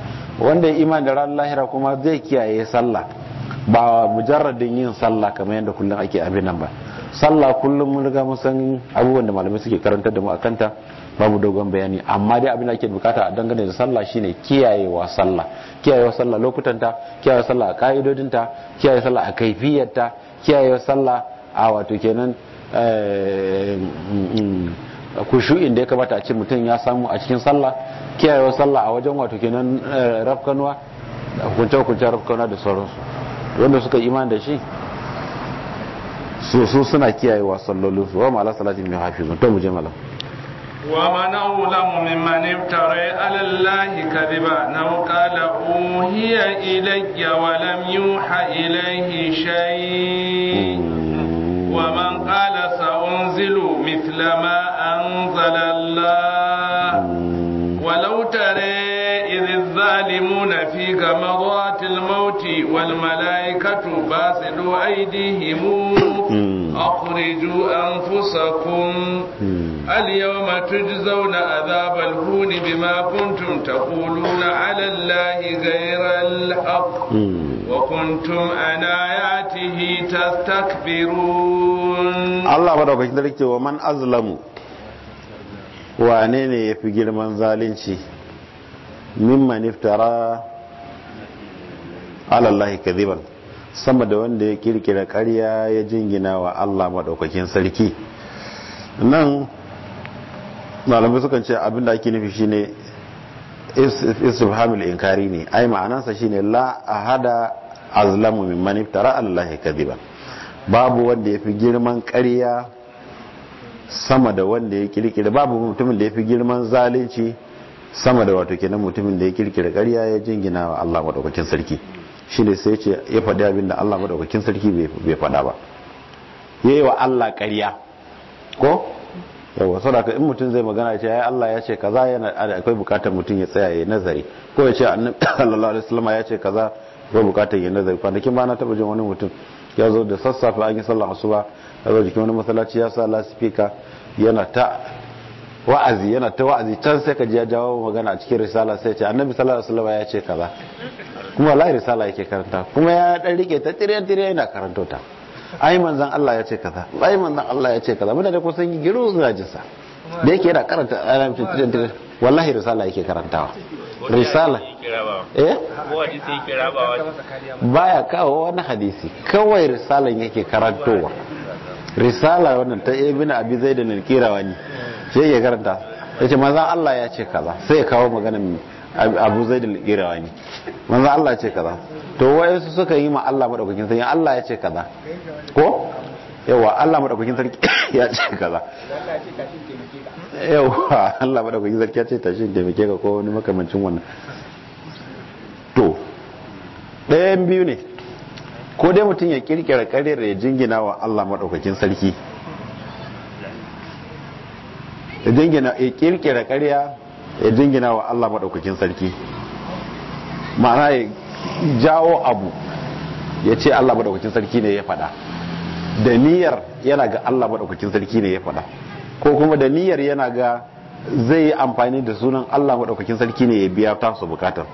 wanda ya imani da ranar lahira kuma zai kiyaye sallah ba mujarradin yin sallah kamar yadda kullum ake abin nan ba sallah kullum mun riga mun san abubuwan da malamai suke karantar da mu akan ta babu dogon bayani amma dai abin da ake bukata a dangane da sallah shine kiyayewa sallah kiyayewa sallah lokutan ta kiyayewa sallah a ka'idodin ta kiyayewa sallah a kaifiyar ta kiyayewa sallah a wato kenan eh, mm, mm, kushu'in da ya kamata a ce mutum ya samu a cikin sallah kiyayewar sallah a wajen wato kenan eh, rafkanuwa hukunce hukuncen rafkanuwa da sauransu wanda suka iman da shi su su suna kiyayewa su wa ma'ala salatin mai hafizun to mu muje malam ومن tare alallahi افترى na الله كذبا أو قال أوهي إلي ولم يوحى shayi wa ومن kala سأنزل مثل mislama. زللا ولو ترى إذ الظالمون في غمرات الموت والملائكة باسلوا أيديهم أخرجوا أنفسكم اليوم تجزون عذاب الهون بما كنتم تقولون على الله غير الحق وكنتم عن آياته تستكبرون الله بدأ بكذلك ومن أظلموا wane ne ya fi girman zalunci min maniftara alallahi kadiban sama da wanda ya kirkira karya ya jingina wa Allah maɗaukakin sarki nan malamai sukan ce abinda ake nufi shine istifhamul inkari ne ai ma'anansa shine la ahada azlamu min maniftara alallahi kadiban babu wanda ya fi girman karya sama da wanda ya kirkira babu mutumin da ya fi girman zalunci sama da wato kenan mutumin da ya kirkira ƙarya ya jingina wa Allah madaukakin sarki ne sai ya ce ya faɗi abin da Allah madaukakin sarki bai faɗa ba Ya yi wa Allah ƙarya ko yawa saboda in mutum zai magana ya ce ya Allah ya ce kaza yana akwai bukatar mutum ya tsaya ya nazari ko ya ce annabi sallallahu alaihi wasallam ya ce kaza akwai bukatar ya nazari kwanakin ba na taba jin wani mutum ya zo da sassafe an yi sallar asuba zo jikin wani masalaci ya sa lasifika yana ta wa'azi yana ta wa'azi can sai ka ji ya jawo magana a cikin risala sai ce annabi sallallahu alaihi wasallam ya ce kaza kuma wallahi risala yake karanta kuma ya dan rike ta tiriyan tiriyan yana karanto ta ai manzon Allah ya ce kaza ai manzon Allah ya ce kaza muna da kusan giru zuwa jinsa da yake yana karanta ana tiriyan tiriyan wallahi risala yake karantawa risala eh baya kawo wani hadisi kawai risalan yake karantowa risala wannan ta ibn abi zaid al wani sai ya karanta yace maza Allah ya ce kaza sai ya kawo magana abu zaid al wani maza Allah ya ce kaza to wayansu suka yi ma Allah madaukakin sarki Allah ya ce kaza ko yawa Allah madaukakin sarki ya ce kaza yawa Allah madaukakin sarki ya ce tashi taimake ka ko wani makamancin wannan to ɗayan biyu ne ko dai mutum ya kirkira karyar ya jingina wa Allah maɗaukakin sarki ya jingina ya kirkira karya ya jingina wa Allah maɗaukakin sarki ma'ana ya jawo abu ya ce Allah maɗaukakin sarki ne ya faɗa da niyyar yana ga Allah maɗaukakin sarki ne ya faɗa ko kuma da niyyar yana ga zai yi amfani da sunan Allah maɗaukakin sarki ne ya biya tasu bukatar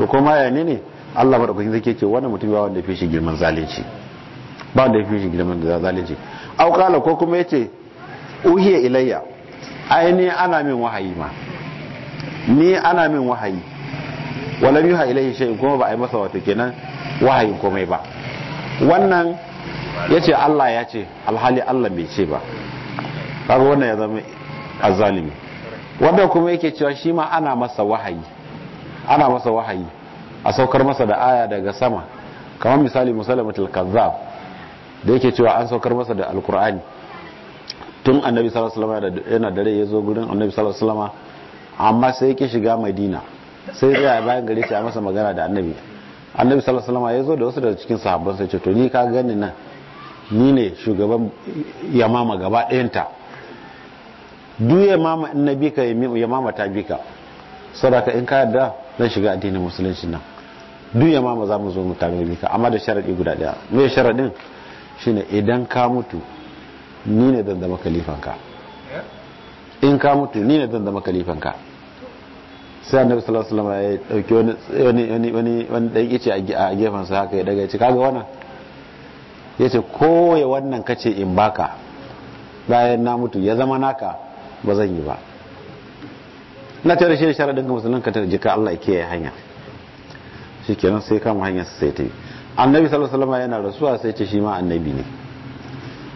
to kuma ya ne ne Allah madaukakin zai ce wannan mutum ba wanda ya fi shi girman zalunci ba wanda ya fi shi girman zalunci au kala ko kuma yace uhiya ilayya ai ana min wahayi ma ni ana min wahayi walam yuha ilayhi shay'in kuma ba a yi masa wato kenan wahayin komai ba wannan yace Allah ya ce alhali Allah bai ce ba kaga wannan ya zama azzalimi wanda kuma yake cewa shi ma ana masa wahayi ana masa wahayi a saukar masa da aya daga sama kamar misali musalamatul kazzab da yake cewa an saukar masa da alkur'ani tun annabi sallallahu alaihi wasallam yana dare ya zo gurin annabi sallallahu alaihi wasallam amma sai yake shiga madina sai tsaya bayan gare shi a masa magana da annabi annabi sallallahu alaihi wasallam ya zo da wasu daga cikin sahabban sai ce to ni ka gani nan ni ne shugaban yamama gaba ɗayanta duk yamama in na bika yamama ta bika saboda in ka yarda zan shiga addinin musulunci nan duk ma ma za mu zo mu tare ka amma da sharadi guda daya me sharadin shine idan ka mutu ni ne zan zama kalifanka eh? in ka mutu ni ne zan zama kalifanka sai annabi sallallahu alaihi wasallam ya dauki wani wani wani wani dan yace a gefan sa haka ya daga yace kaga wannan yace ko ya wannan kace in baka bayan na mutu ya zama naka ba zan yi ba na tare shi sharadin ga musulunka ta jika Allah ya kiyaye hanya shikenan sai kama hanyar sai ta yi annabi sallallahu alaihi wasallam yana rasuwa sai ce shi ma annabi ne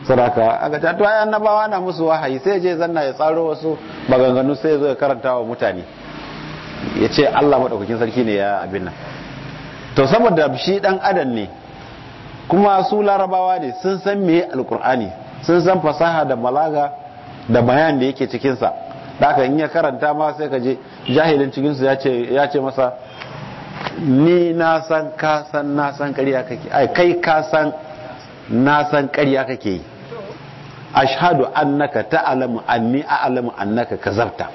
sadaka aka ta ya annabawa na musu wahayi sai je zanna ya tsaro wasu maganganu sai zo ya karanta wa mutane ya ce Allah maɗaukakin sarki ne ya abin nan to saboda shi ɗan adam ne kuma su larabawa ne sun san me alkur'ani sun san fasaha da balaga da bayan da yake cikinsa da aka in ya karanta ma sai ka je jahilin cikinsu ya ce masa ni na san ka san na san ƙarya kake ai kai ka san na san ƙarya kake yi ashhadu annaka ta'lamu anni a'lamu annaka kazabta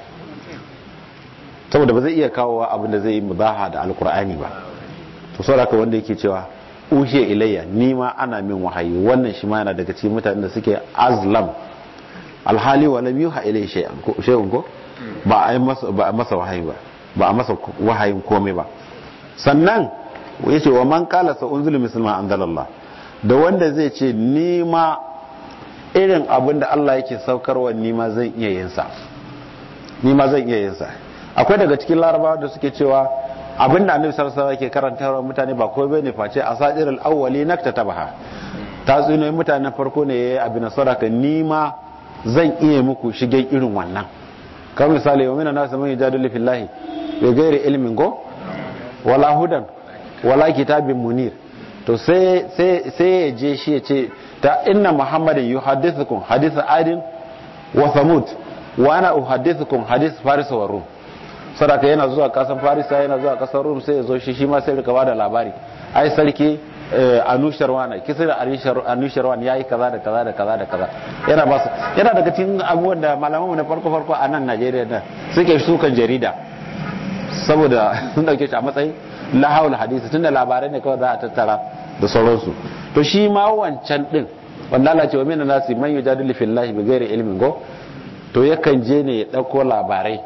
saboda ba zai iya kawo abin da zai yi mubaha da alkur'ani ba to saboda wanda yake cewa uhiya ilayya ni ma ana min wahayi wannan shi ma yana daga cikin mutanen da suke azlam alhali wa lam yuha ilayhi shay'an ko ba a masa masa wahayi ba ba a masa wahayin komai ba sannan ya ce wa man kala sa unzul musulma anzalallah da wanda zai ce nima irin abin da Allah yake saukarwa nima zan iya yin sa nima zan iya yin akwai daga cikin larabawa da suke cewa abin da annabi sallallahu ke karanta wa mutane ba komai bane face a taba awwali ta tsinoyi mutane farko ne yayi abin saraka nima zan iya muku shigen irin wannan kamar misali wa minan nas man yajadilu fillahi bi ghairi ilmin go wala hudan wala kitabin munir to sai ya je shi ya ce ta inna muhammadin yi hadithukun hadith adin wa samud wa ana uhaddithukum hadith faris wa rum sadaka yana zuwa kasan farisa yana zuwa kasan rum sai ya zo shi shi ma sai rika da labari ai sarki eh, anusharwana kisir ya yi kaza da kaza da kaza da kaza yana ba yana daga cikin abubuwan da malaman na farko farko a nan Najeriya da suke sukan jarida saboda sun dauke shi a matsayin haula hadisi tun da labarai ne kawai za a tattara da sauransu to shi ma wancan din wanda Allah ce wa minan nasi man yujadilu fillahi bighairi ilmin go to yakan je ne ya dauko labarai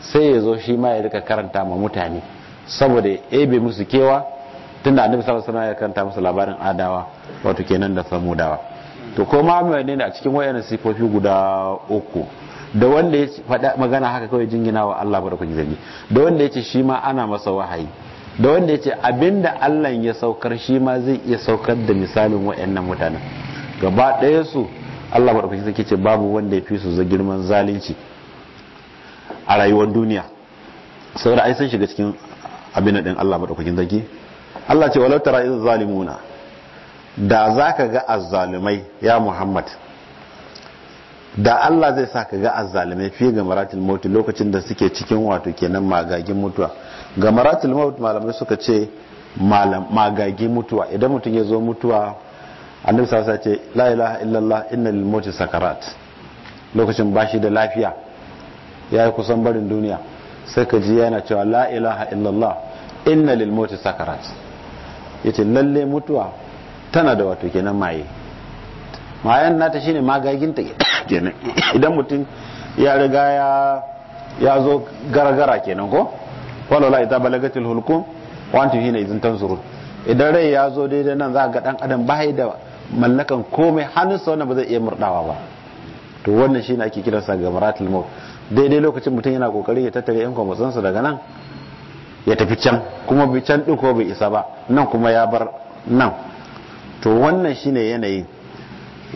sai ya zo shi ma ya rika karanta ma mutane saboda ya ebe musu kewa tunda annabi sallallahu alaihi ya karanta musu labarin adawa wato kenan da samudawa to ko ma ne a cikin wayannan sifofi guda uku da wanda ya faɗa magana haka kawai jingina wa Allah barkun zargi da wanda ya ce shi ma ana masa wahayi da wanda ya ce abinda Allah ya saukar shi ma zai iya saukar da misalin waɗannan mutanen gaba ɗaya su Allah barkun zargi ce babu wanda ya fi su za girman zalunci a rayuwar duniya saboda ai sun shiga cikin abin din Allah madaukakin zargi Allah ce walau tara zalimuna da zaka ga azzalumai ya Muhammad da Allah zai sa ka ga azzalimai fiye ga maratul maut lokacin da suke cikin wato kenan magagin mutuwa ga maratul maut malamai suka ce magagin mutuwa idan mutum ya zo mutuwa annabi sa ce la ilaha illallah inna lil mauti sakarat lokacin bashi da lafiya ya yi kusan barin duniya sai ka ji yana cewa la ilaha illallah inna lil mauti sakarat yace lalle mutuwa tana da wato kenan maye mayan nata shine magaginta kenan idan mutum ya riga ya ya zo gara-gara kenan ko walala ita balagatil hulqum shi ne izin idan idan rai ya zo daidai nan za ga dan adam hai da mallakan komai hannunsa wannan ba zai iya murdawa ba to wannan shine ake kiransa ga maratul maut daidai lokacin mutum yana kokari ya tattare yan sa daga nan ya tafi can kuma bi can ɗin ko bai isa ba nan kuma ya bar nan to wannan shine yanayin.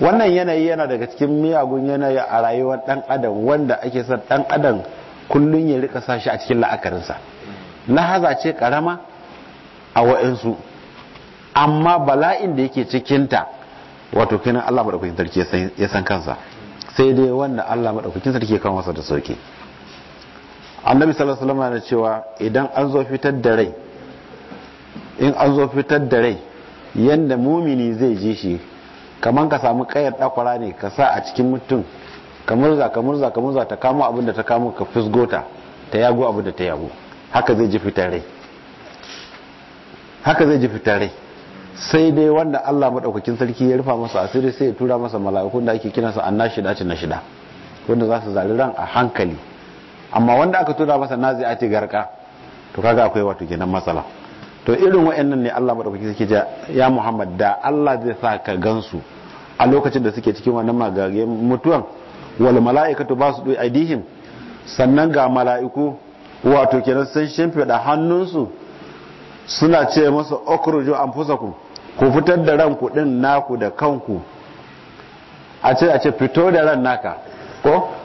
wannan yanayi yana daga cikin miyagun yanayi a rayuwar dan adam wanda ake son dan adam kullun ya rika sa shi a cikin la'akarinsa na haza ce karama a wa'insu amma bala'in da yake cikinta wato kinan Allah madaukakin sarki ya san kansa sai dai wanda Allah madaukakin sarki ya kawo masa da sauki annabi sallallahu alaihi wasallam cewa idan an zo fitar da rai in an zo fitar da rai yanda mumini zai je shi kamar ka samu kayar dakwara ne ka sa a cikin mutum ka murza ka murza ka murza ta kamo abin da ta kamo ka ta yago abin da ta yago haka zai ji fitare haka zai ji fitare sai dai wanda Allah maɗaukakin sarki ya rufa masa asiri sai ya tura masa mala'ikun da ake kiransa annashida ce na shida wanda za su zari ran a hankali amma wanda aka tura masa nazi a ce garka to kaga akwai wato kenan matsala to irin wa'annan ne Allah madaukaki suke ja ya Muhammad da Allah zai sa ka gansu a lokacin da suke cikin wannan magagiyar mutuwan wal mala'ikatu basdu aidihim sannan ga mala'iku wato kenan sun da hannunsu suna ce masa an anfusakum ku fitar da ranku din naku da kanku a ce a ce fito da ran naka ko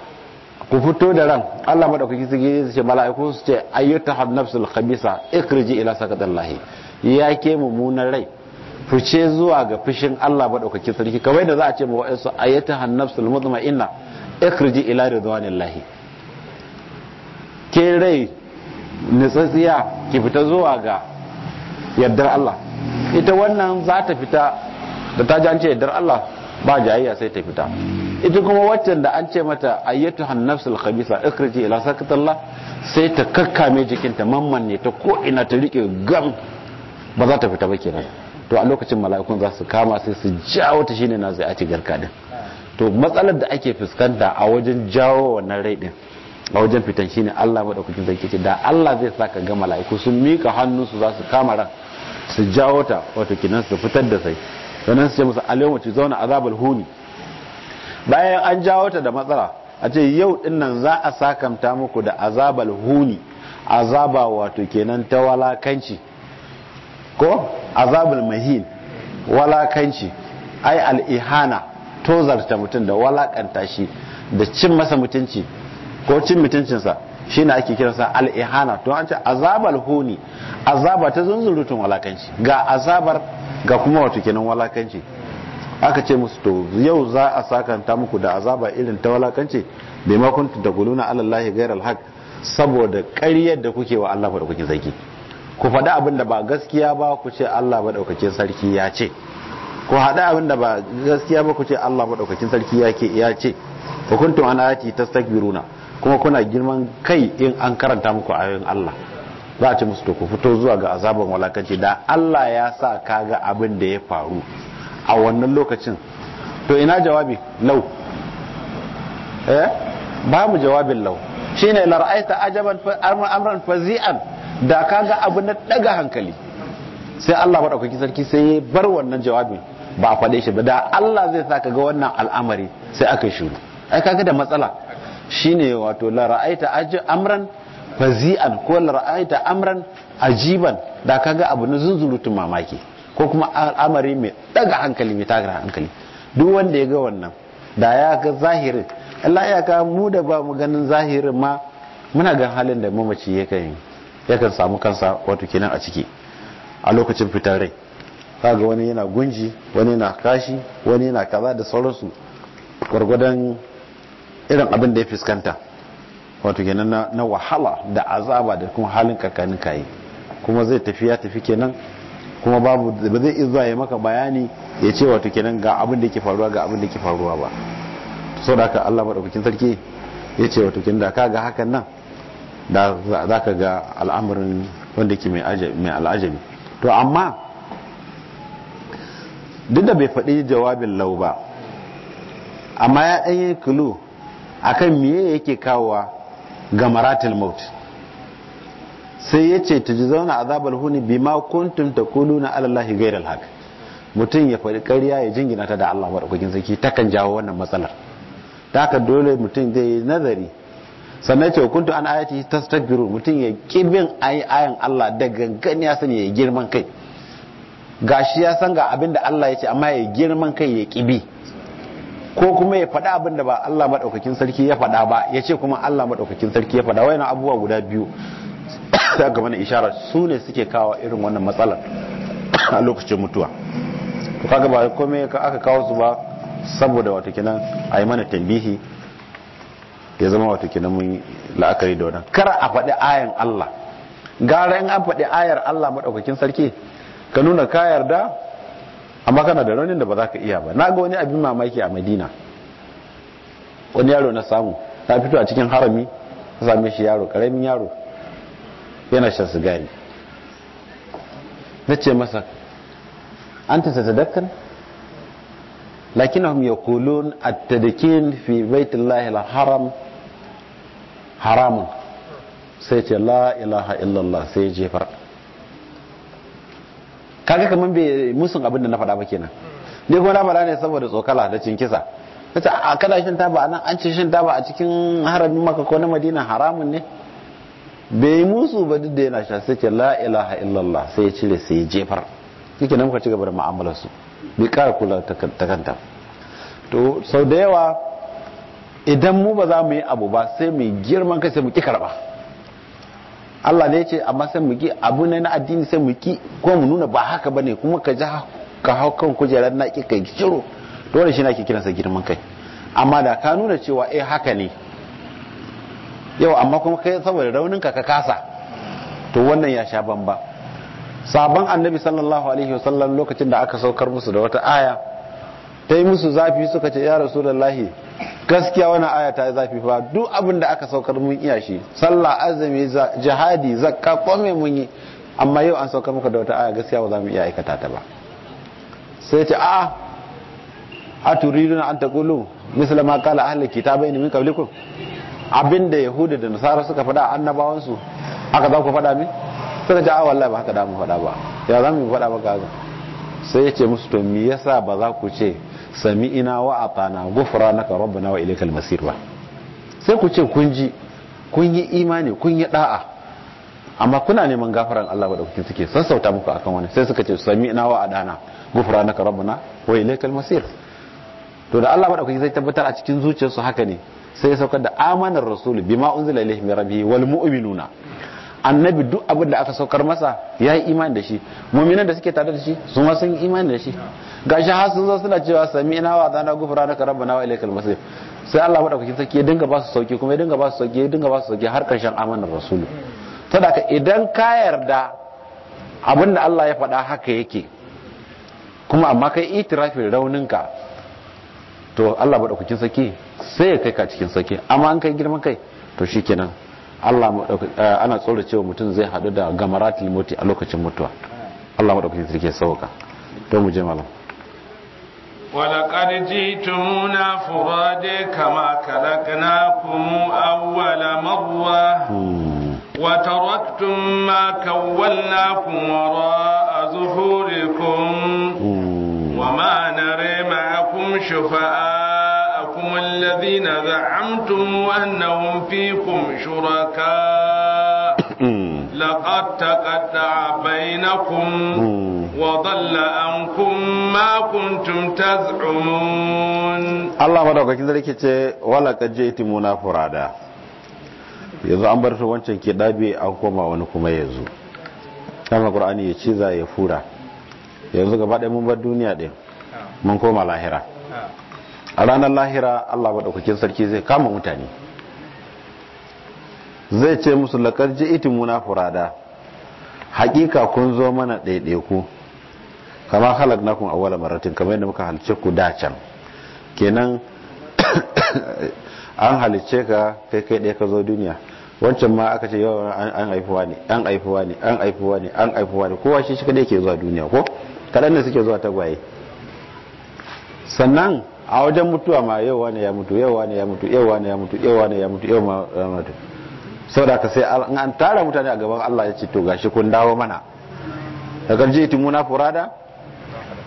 ku fito da ran Allah madaukaki su su ce mala'iku su ce ayyuta nafsul khabisa ikriji ila sakatallahi ya ke mummunan rai fice zuwa ga fushin Allah madaukaki sarki kawai da za a ce mu wa'ansu ayyuta nafsul mutma'inna ikriji ila ridwanillahi ke rai nitsatsiya ki fita zuwa ga yardar Allah ita wannan za ta fita da ta ji an ce yardar Allah ba jayayya sai ta fita ita kuma waccan da an ce mata ayyatu nafsul khabisa ikhriji ila sakatallah sai ta kakkame jikinta mamman ne ta ko ina ta rike gam ba za ta fita ba kenan to a lokacin mala'ikun za su kama sai su jawo ta shine na zai ati garka din to matsalar da ake fuskanta a wajen jawo wannan rai din a wajen fitan shine Allah madaukakin zai ce da Allah zai saka ga mala'iku sun mika hannunsu za su kama ran su jawo ta wato kinan su fitar da sai sannan su ce musu alayhi wa zauna azabul huni bayan an jawo ta da matsala a ce yau dinnan za a sakamta muku da azabal huni azaba wato kenan ta walakanci ko azabal mahin walakanci ai al'ihana tozarta mutum da walakanta shi da cin masa mutunci ko cin mutuncinsa shi ne ake kiransa al'ihana to an ce azabar huni, azaba ta zunzurutun walakanci ga azabar ga kuma wato kenan walakanci aka ce musu to yau za a sakanta muku da azaba irin ta walakanci bai ma da guluna alallahi gairal haq saboda ƙaryar da kuke wa Allah kuke sarki ku faɗi abin da ba gaskiya ba ku ce Allah madaukakin sarki ya ce ku haɗa abin da ba gaskiya ba ku ce Allah madaukakin sarki ya ke ya ce ku kuntum an ayati tastakbiruna kuma kuna girman kai in an karanta muku ayoyin Allah za a ce musu to ku fito zuwa ga azaban walakanci da Allah ya sa kaga abin da ya faru a wannan lokacin to ina jawabi lau eh mu jawabin lau shine la ra'aita ajaban amran fazi'an da kaga abu na daga hankali sai Allah madaukaki sarki sai ya bar wannan jawabin ba a faɗe shi ba da Allah zai sa ga wannan al'amari sai aka yi shiru ai kaga da matsala shine wato la ra'aita amran fazi'an ko la ra'aita amran ajiban da kaga abu na zunzurutun mamaki ko kuma al'amari mai daga hankali mai tagar hankali duk wanda ya ga wannan da ya ga zahirin Allah ya ka mu da ba mu ganin zahirin ma muna gan halin da mamaci ya kan samu kansa wato kenan a ciki a lokacin fitar rai kaga wani yana gunji wani yana kashi wani yana kaza da sauransu gwargwadon irin abin da ya fuskanta wato kenan na, wahala da azaba da kuma halin kakanin kayi kuma zai tafi ya tafi kenan kuma babu ba zai iya zuwa ya maka bayani ya ce wato kenan ga abin da yake faruwa ga abin da yake faruwa ba so da haka Allah madaukakin sarki ya ce wato kenan da ka ga hakan nan da za ka ga al'amarin wanda ke mai al'ajabi to amma duk da bai faɗi jawabin lau ba amma ya ɗanyen kulu akan miye yake kawowa ga maratil maut sai ya ce ta ji zauna a azabar huni bi ma kuntun ta kulu na alallahi gairar haka mutum ya faɗi ƙarya ya jingina ta da Allah zaki ta kan jawo wannan matsalar ta ka dole mutum zai yi nazari sannan ce kuntu an ayati tastakbiru mutum ya ƙibin ayan Allah da gangan ya sani ya girman kai gashi ya san ga abin da Allah ya ce amma ya girman kai ya ƙibi ko kuma ya faɗa abin da ba Allah maɗaukakin sarki ya faɗa ba ya ce kuma Allah maɗaukakin sarki ya faɗa wayan abubuwa guda biyu sai aka mana ishara su ne suke kawo irin wannan matsalar a lokacin mutuwa to kaga ba komai aka kawo su ba saboda wata kenan a yi mana tambihi ya zama wata kenan mun la'akari da wannan kar a faɗi ayan Allah gara in an faɗi ayar Allah maɗaukakin sarki ka nuna ka yarda amma kana da raunin da ba za ka iya ba na ga wani abin mamaki a madina wani yaro na samu ta fito a cikin harami same shi yaro karamin yaro yana shan sigari na ce masa an ta tadakkar ya yaqulun a tadakin fi baitillahi al-haram haramun sai ce la ilaha illallah sai jefar kaga kaman bai musun abinda na faɗa ba kenan ne kuma na faɗa ne saboda tsokala da cinkisa kisa a kana shin taba nan an ce shin taba a cikin haramin maka ko na madina haramun ne bai yi musu ba duk da yana sha sai ke la ilaha illallah sai ya cire sai ya jefar yake nan muka ci gaba da mu'amalar su bai kara kula ta kanta to sau da yawa idan mu ba za mu yi abu ba sai mu girman kai sai mu ki karba Allah ne ce amma sai mu ki abu ne na addini sai mu ki ko mu nuna ba haka ba ne kuma ka ja ka hau kan kujerar na ki kai ciro to wannan shi ne ake kiransa girman kai amma da ka nuna cewa eh haka ne yau amma kuma kai saboda rauninka ka kasa to wannan ya sha bamba sabon annabi sallallahu alaihi wasallam lokacin da aka saukar musu da wata aya ta yi musu zafi suka ce ya rasu da lahi. gaskiya wani aya ta yi zafi fa duk abin da aka saukar mun iya shi sallah azumi jihadi zakka kome mun yi amma yau an saukar muka da wata aya gaskiya ba za mu iya aikata ta ba sai ce a a turiduna an kulu misalama kala qala ahlul kitabaini min qablikum abinda yahudu da nasara suka faɗa annabawansu aka za ku faɗa min suka ce a wallahi ba haka da fada faɗa ba ya za mu faɗa ba ga sai ya ce musu to me yasa ba za ku ce sami ina wa atana ghufranaka rabbana wa ilaikal masir ba sai ku ce kun ji kun yi imani kun yi da'a amma kuna neman gafaran Allah da kuke suke sassauta muku akan wani sai suka ce sami ina wa adana ghufranaka rabbana wa ilaikal masir to da Allah da kuke zai tabbatar a cikin zuciyarsu haka ne sai saukar da amanar rasul bima unzila ilayhi min rabbi wal mu'minuna annabi duk abin da aka saukar masa ya yi imani da shi mu'minan da suke tare da shi su ma sun imani da shi gashi har sun zo suna cewa sami'na wa dana da ka na wa ilaykal masir sai Allah madaukakin sarki ya dinga ba su sauki kuma ya dinga ba su sauki ya dinga ba su sauki har karshen amanar rasul sadaka idan ka yarda abin da Allah ya faɗa haka yake kuma amma kai itirafin rauninka to Allah madaukakin sarki sai ya kai ka cikin sake amma an kai girman kai to shi Allah eh, ana tsoro cewa mutum zai hadu da gamaratul moti a lokacin mutuwa Allah madaukakin sarki ya sauka to mu je malam walaqad jitumuna furade kama kalaknakum awwala marra hmm. wa taraktum ma kawwalnakum wara zuhurikum hmm. wa ma nara ma'akum shufa'a الذين زعمتم أنهم فيكم شركاء لقد تقطع بينكم وضل أنكم ما كنتم تزعمون الله مدعوك كذلك ولقد جئتمونا فرادا yanzu an bar wancan ke dabe an koma wani kuma yanzu kama qur'ani ya ce za ya fura yanzu gaba ɗaya mun bar duniya ɗin mun koma lahira a ranar lahira Allah maɗaukakin sarki zai kama mutane zai ce musu laƙar ji itin muna furada hakika kun zo mana ɗaiɗaiku kama halar nakun a wala maratin kamar yadda muka halice ku dacan kenan an halice ka kai kai ɗaya ka zo duniya wancan ma aka ce yawan an aifuwa ne an aifuwa ne an aifuwa ne an aifuwa ne kowa shi shi kadai ke zuwa duniya ko kaɗan ne suke zuwa tagwaye sannan a wajen mutuwa ma yau wani ya mutu yau wani ya mutu yau wani ya mutu yau wani ya mutu yau ma ya mutu saboda ka sai an tara mutane a gaban Allah ya ce to gashi kun dawo mana da karje timuna furada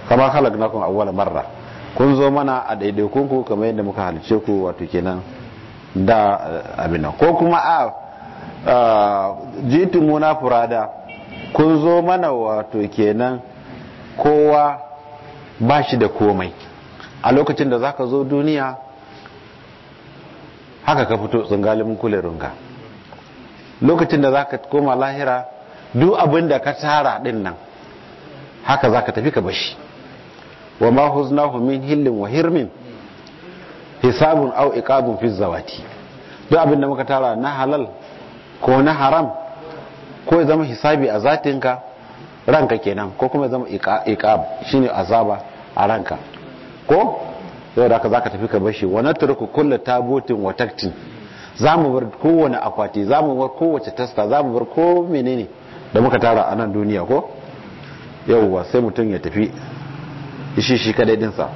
kama kun awwal marra kun zo mana a daidaikun ku kamar yadda muka halice ku wato kenan da eh, abin ko kuma a jitumuna furada kun zo mana wato kenan kowa ba shi da komai a lokacin da zaka zo duniya haka ka fito tsingalin kulerunka lokacin da zaka koma lahira duk abin da ka tara din nan haka zaka tafi ka bashi wa ma huznahu min hillin wa hirmin hisabun au iqabun fi zawati duk abin da muka tara na halal ko na haram ko ya zama hisabi a zatinka ranka kenan ko kuma ya zama iqab shine azaba a ranka ko yau da aka za ka tafi ka bashi wa natruku kulla tabutin wa za mu bar kowane akwati za mu bar kowace tasta za mu bar ko menene da muka tara a nan duniya ko yauwa sai mutum ya tafi shi shi kadai dinsa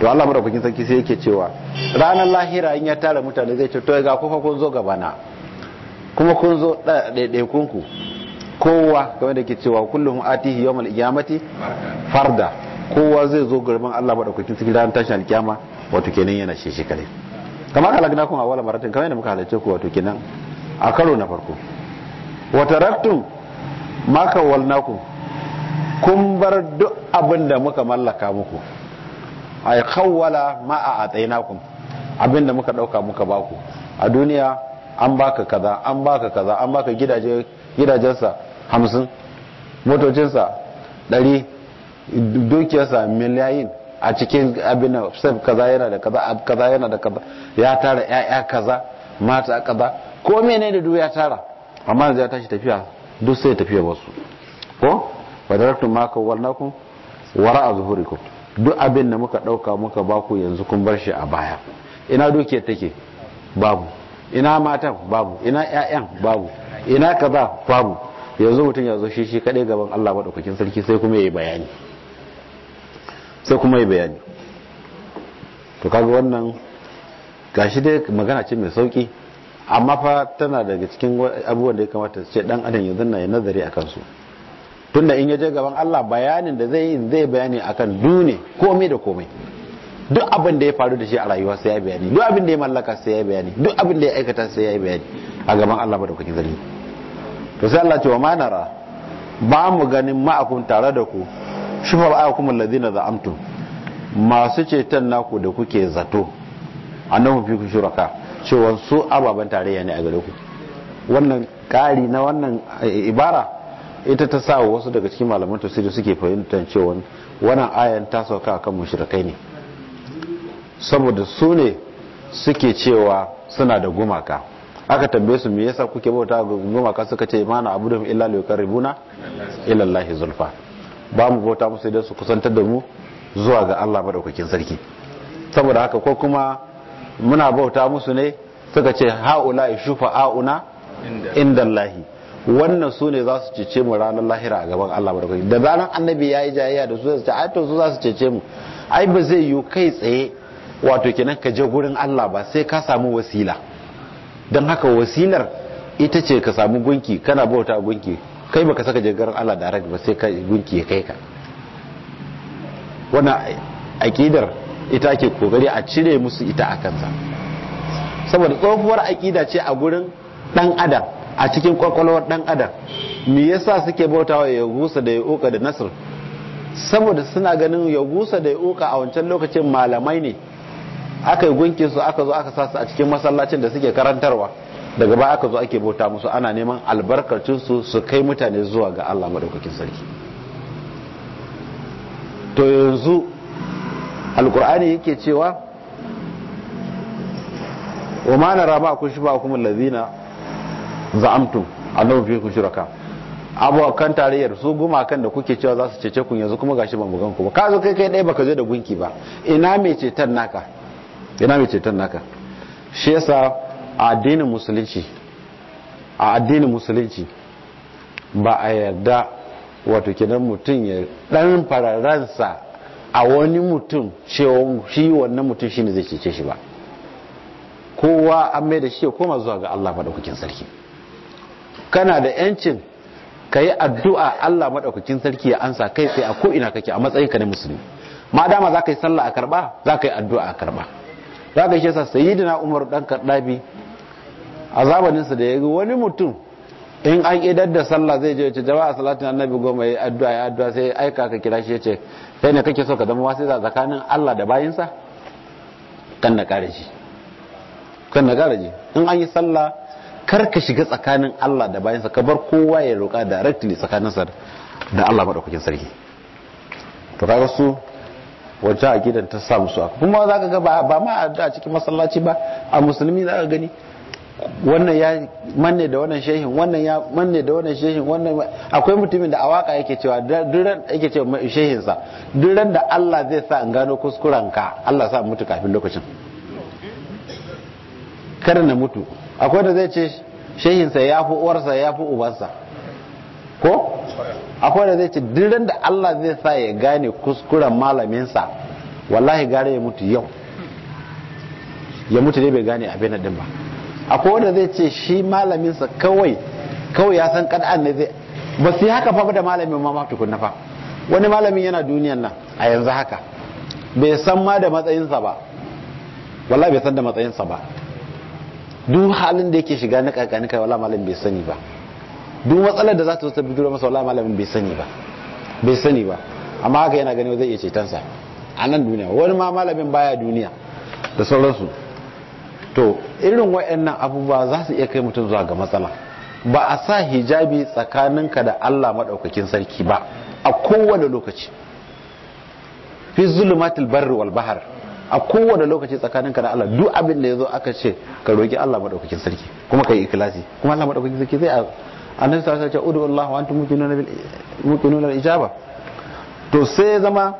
to Allah madaukakin sarki sai yake cewa ranar lahira in ya tara mutane zai ce to ga kuka kun zo gaba na kuma kun zo ɗaiɗaikun ku kowa game da ke cewa kullum atihi yawmal iyamati farda kowa zai zo gurbin Allah madaukakin cikin ran tashin alkiyama wato kenan yana shi shi kare kamar halagna kun awala maratin kamar yadda muka halarci ku wato kenan a karo na farko wa taraktum ma kawalnakum kun bar duk abin da muka mallaka muku ay kawwala ma a atainakum abin da muka dauka muka baku a duniya an baka kaza an baka kaza an baka gidaje gidajensa hamsin motocinsa ɗari dukiyarsa miliyayin a cikin abin sai kaza yana da kaza ab kaza yana da kaza ya tara ya'ya kaza mata kaza ko menene da duk ya tara amma yanzu ya tashi tafiya duk sai tafiya wasu ko wadaratu maka kawwalnakum wara zuhurikum duk abin da muka dauka muka baku yanzu kun bar shi a baya ina dukiyar take babu ina matan babu ina ƴaƴan babu ina kaza babu yanzu mutum ya zo shi shi kade gaban Allah madaukakin sarki sai kuma yayi bayani sai kuma yi bayani to kaga wannan gashi dai magana ce mai sauki amma fa tana daga cikin abubuwan da ya kamata ce dan adam ya zanna ya nazari a kansu tunda in ya gaban Allah bayanin da zai yi zai bayani akan dune komai da komai duk abin da ya faru da shi a rayuwa sai ya bayani duk abin da ya mallaka sai ya bayani duk abin da ya aikata sai ya bayani a gaban Allah kuke sarki to sai Allah ce wa ma nara ba mu ganin ma akun tare da ku kuma Ladina da Amtu masu ceton naku da kuke zato a annahum fi shuraka cewa su ababen tarayya ne a gare ku wannan ƙari na wannan eh, ibara ita ta sa wasu daga cikin malaman tasiri suke fahimtar cewa wannan ayan ta sauka akan mushrikai ne saboda su ne suke cewa suna da gumaka aka tambaye su me yasa kuke bauta ga gumaka suka ce mana abudu illa liqarribuna ila allahi zulfa ba mu bauta musu idan su kusantar da mu zuwa ga Allah madaukakin sarki saboda haka ko kuma muna bauta musu ne suka ce haula a'una. inda Allahi wannan su ne za su cece mu ranar lahira a gaban Allah madaukakin da ranar annabi yayi jayayya da su zai ce su za su cece mu ai ba zai yi kai tsaye wato kenan ka je gurin Allah ba sai ka samu wasila don haka wasilar ita ce ka samu gunki kana bauta gunki kai baka saka jirgar Allah da ba sai ka gunki ya kai ka wannan akidar ita ake kokari a cire musu ita a kansa saboda tsohuwar akida ce a gurin dan adam a cikin kwakwalwar dan adam me yasa suke bautawa ya gusa da ya uka da nasir saboda suna ganin ya da ya uka a wancan lokacin malamai ne aka yi gunkin aka zo aka sasu a cikin masallacin da suke karantarwa daga baya aka zo ake bauta musu ana neman albarkacinsu su kai mutane zuwa ga Allah madaukakin sarki to yanzu alkur'ani yake cewa wa ma nara ma kun shuba kuma allazina za'amtum annahum fiikum shuraka abokan tarayyar su gumakan da kuke cewa za su cece kun yanzu kuma gashi ban bugan ku ba ka zo kai kai dai baka zo da gunki ba ina mai cetan naka ina mai cetan naka shi yasa a addinin musulunci a addinin musulunci ba a yarda wato kenan mutum ya dan fararansa a wani mutum cewa shi wannan mutum shine zai cece shi ba kowa an mai da shi ya koma zuwa ga Allah madaukakin sarki kana da yancin ka yi addu'a Allah madaukakin sarki ya ansa kai sai a ko ina kake a matsayin ka na musulmi ma dama za ka yi sallah a karba za ka yi addu'a a karba za ka yi shi sa sayyidina Umar dan kadabi. a zamaninsa da ya wani mutum in an idar da sallah zai je ce jama'a salatin annabi goma ya addu'a ya addu'a sai aika ka kira shi ya ce kai ne kake so ka zama wasu tsakanin Allah da bayinsa kan na kare shi kan na kare shi in an yi sallah kar ka shiga tsakanin Allah da bayinsa ka bar kowa ya roƙa directly sa da Allah maɗaukakin sarki to kaga su wacce gidan ta samu su kuma za ka ga ba ma a cikin masallaci ba a musulmi za ka gani wannan ya manne da wannan shehin wannan ya manne da wannan shehin wannan akwai mutumin da a waka yake cewa duran yake cewa shehin sa duran da Allah zai sa in gano kuskuren ka Allah sa mutu kafin lokacin kada na mutu akwai da zai ce shehin sa yafi uwarsa yafi ubansa ko akwai da zai ce duran da Allah zai sa ya gane kuskuren malamin sa wallahi gare ya mutu yau ya mutu dai bai gane abin nan din ba akwai wanda zai ce shi malaminsa kawai kawai ya san kad'an ne zai ba su yi haka fa da malamin ma mafi kunna fa wani malamin yana duniyan nan a yanzu haka bai san ma da matsayinsa ba wallahi bai san da matsayinsa ba duk halin da yake shiga na kakani kai wallahi malamin bai sani ba duk matsalar da za ta zo ta bidiro masa wallahi malamin bai sani ba bai sani ba amma haka yana gani zai iya cetonsa a nan duniya wani ma malamin baya duniya da sauransu to irin waɗannan abubuwa za su iya kai mutum zuwa ga matsala ba a sa hijabi tsakaninka da Allah maɗaukakin sarki ba a kowane lokaci fi zulumatul barri wal bahar a kowane lokaci tsakaninka da Allah duk abin da ya zo aka ce ka roƙi Allah maɗaukakin sarki kuma ka yi ikilasi kuma Allah maɗaukakin sarki zai a nan alaihi wasallam ce udu Allah wa antum muqinuna ijaba to sai zama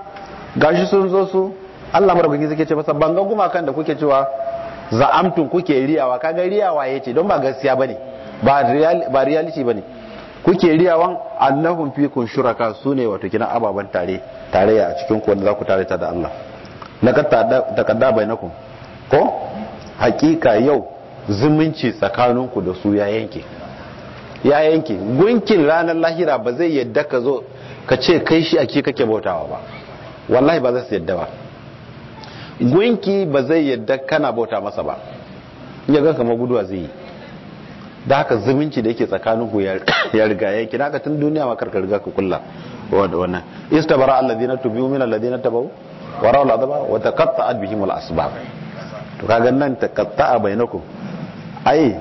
gashi sun zo su Allah maɗaukakin sarki ce masa ban ga kan da kuke cewa za'amtun kuke riyawa kaga riyawa yace don ba gaskiya bane ba real ba reality kuke riyawan annahum kun shuraka sune wato kina ababan tare Tare a cikin ku wanda za ku tare ta da Allah na laqad taqadda bainakum ko hakika yau zumunci tsakaninku da su ya yanke ya yanke gunkin ranar lahira ba zai yadda ka zo ka ce kai shi ake kake bautawa ba wallahi ba zai su yadda ba gunki ba zai yadda kana bauta masa ba ya ga kama guduwa zai yi da haka zumunci da yake tsakanin ku ya riga ya na ka tun duniya ma karkar riga ka kulla wadda wannan istabara alladhina tubi min alladhina tabu wa ra'u al'adaba wa taqatta'at bihim al-asbab to kaga nan taqatta'a bainakum ai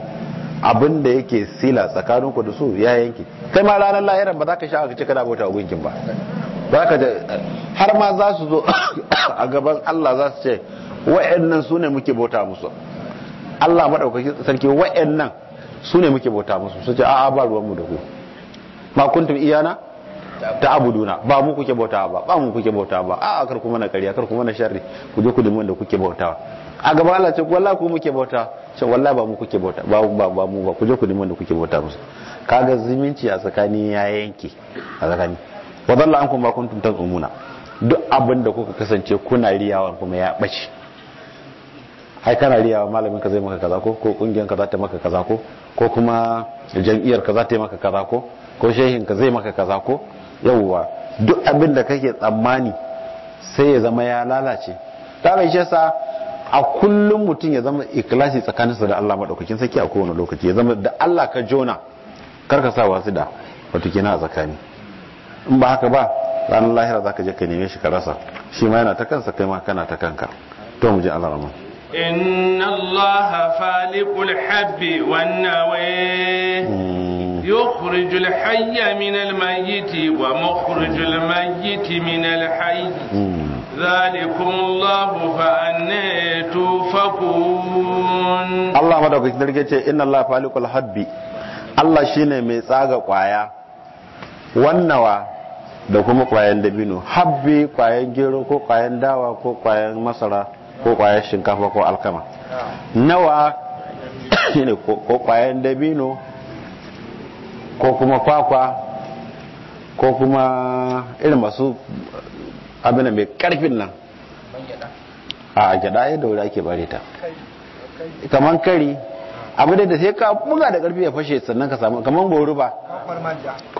abin da yake sila tsakanin ku da su ya yanke kai ma ranar lahiran ba za ka sha ka ce kana bauta gunkin ba zaka da har ma za su zo a gaban Allah za su ce wa'annan su ne muke bauta musu Allah maɗaukaki sarki wa'annan su ne muke bauta musu su ce a'a ba ruwan mu da ku ma kuntum iyana ta abuduna ba mu kuke bauta ba ba mu kuke bauta ba a'a kar kuma na kariya kar kuma na sharri ku je ku nemi wanda kuke bauta a gaba Allah ce walla ku muke bauta ce walla ba mu kuke bauta ba ba ba mu ba ku je ku nemi wanda kuke bauta musu kaga zumunci a tsakani ya yanke a tsakani wa dalla an kuma kuntum umuna duk abin da kuka kasance kuna riyawa kuma ya bace ai kana riyawa malamin ka zai maka kaza ko ko kungiyar ka za ta maka kaza ko ko kuma jam'iyyar ka za ta maka kaza ko ko shehin ka zai maka kaza ko yawwa duk abin da kake tsammani sai ya zama ya lalace ta bai shi yasa a kullum mutum ya zama ikilasi tsakaninsa da Allah madaukakin sarki a kowane lokaci ya zama da Allah ka jona karka sa wasu da wato kina a tsakani in ba haka ba ranar lahira za ka je ka neme shi ka rasa shi ma yana ta kansa kai ma kana ta kanka to mu ji Allah rahman inna Allah faliqul habbi wan nawi يخرج الحي من الميت ومخرج الميت من الحي ذلكم الله فأنا توفقون الله ما دوك إن الله فالق الحب الله شيني tsaga kwaya. Wannawa. da kuma kwayan dabino habbi kwayan gero ko kwayan dawa ko kwayan masara ko kwayan shinkafa ko alkama nawa shine ko kwayan dabino ko kuma kwakwa ko kuma irin masu abin mai karfin nan a gyada ya wuri ake bare ta kamar kari abu da sai ka buga da karfi ya fashe sannan ka samu kamar goruba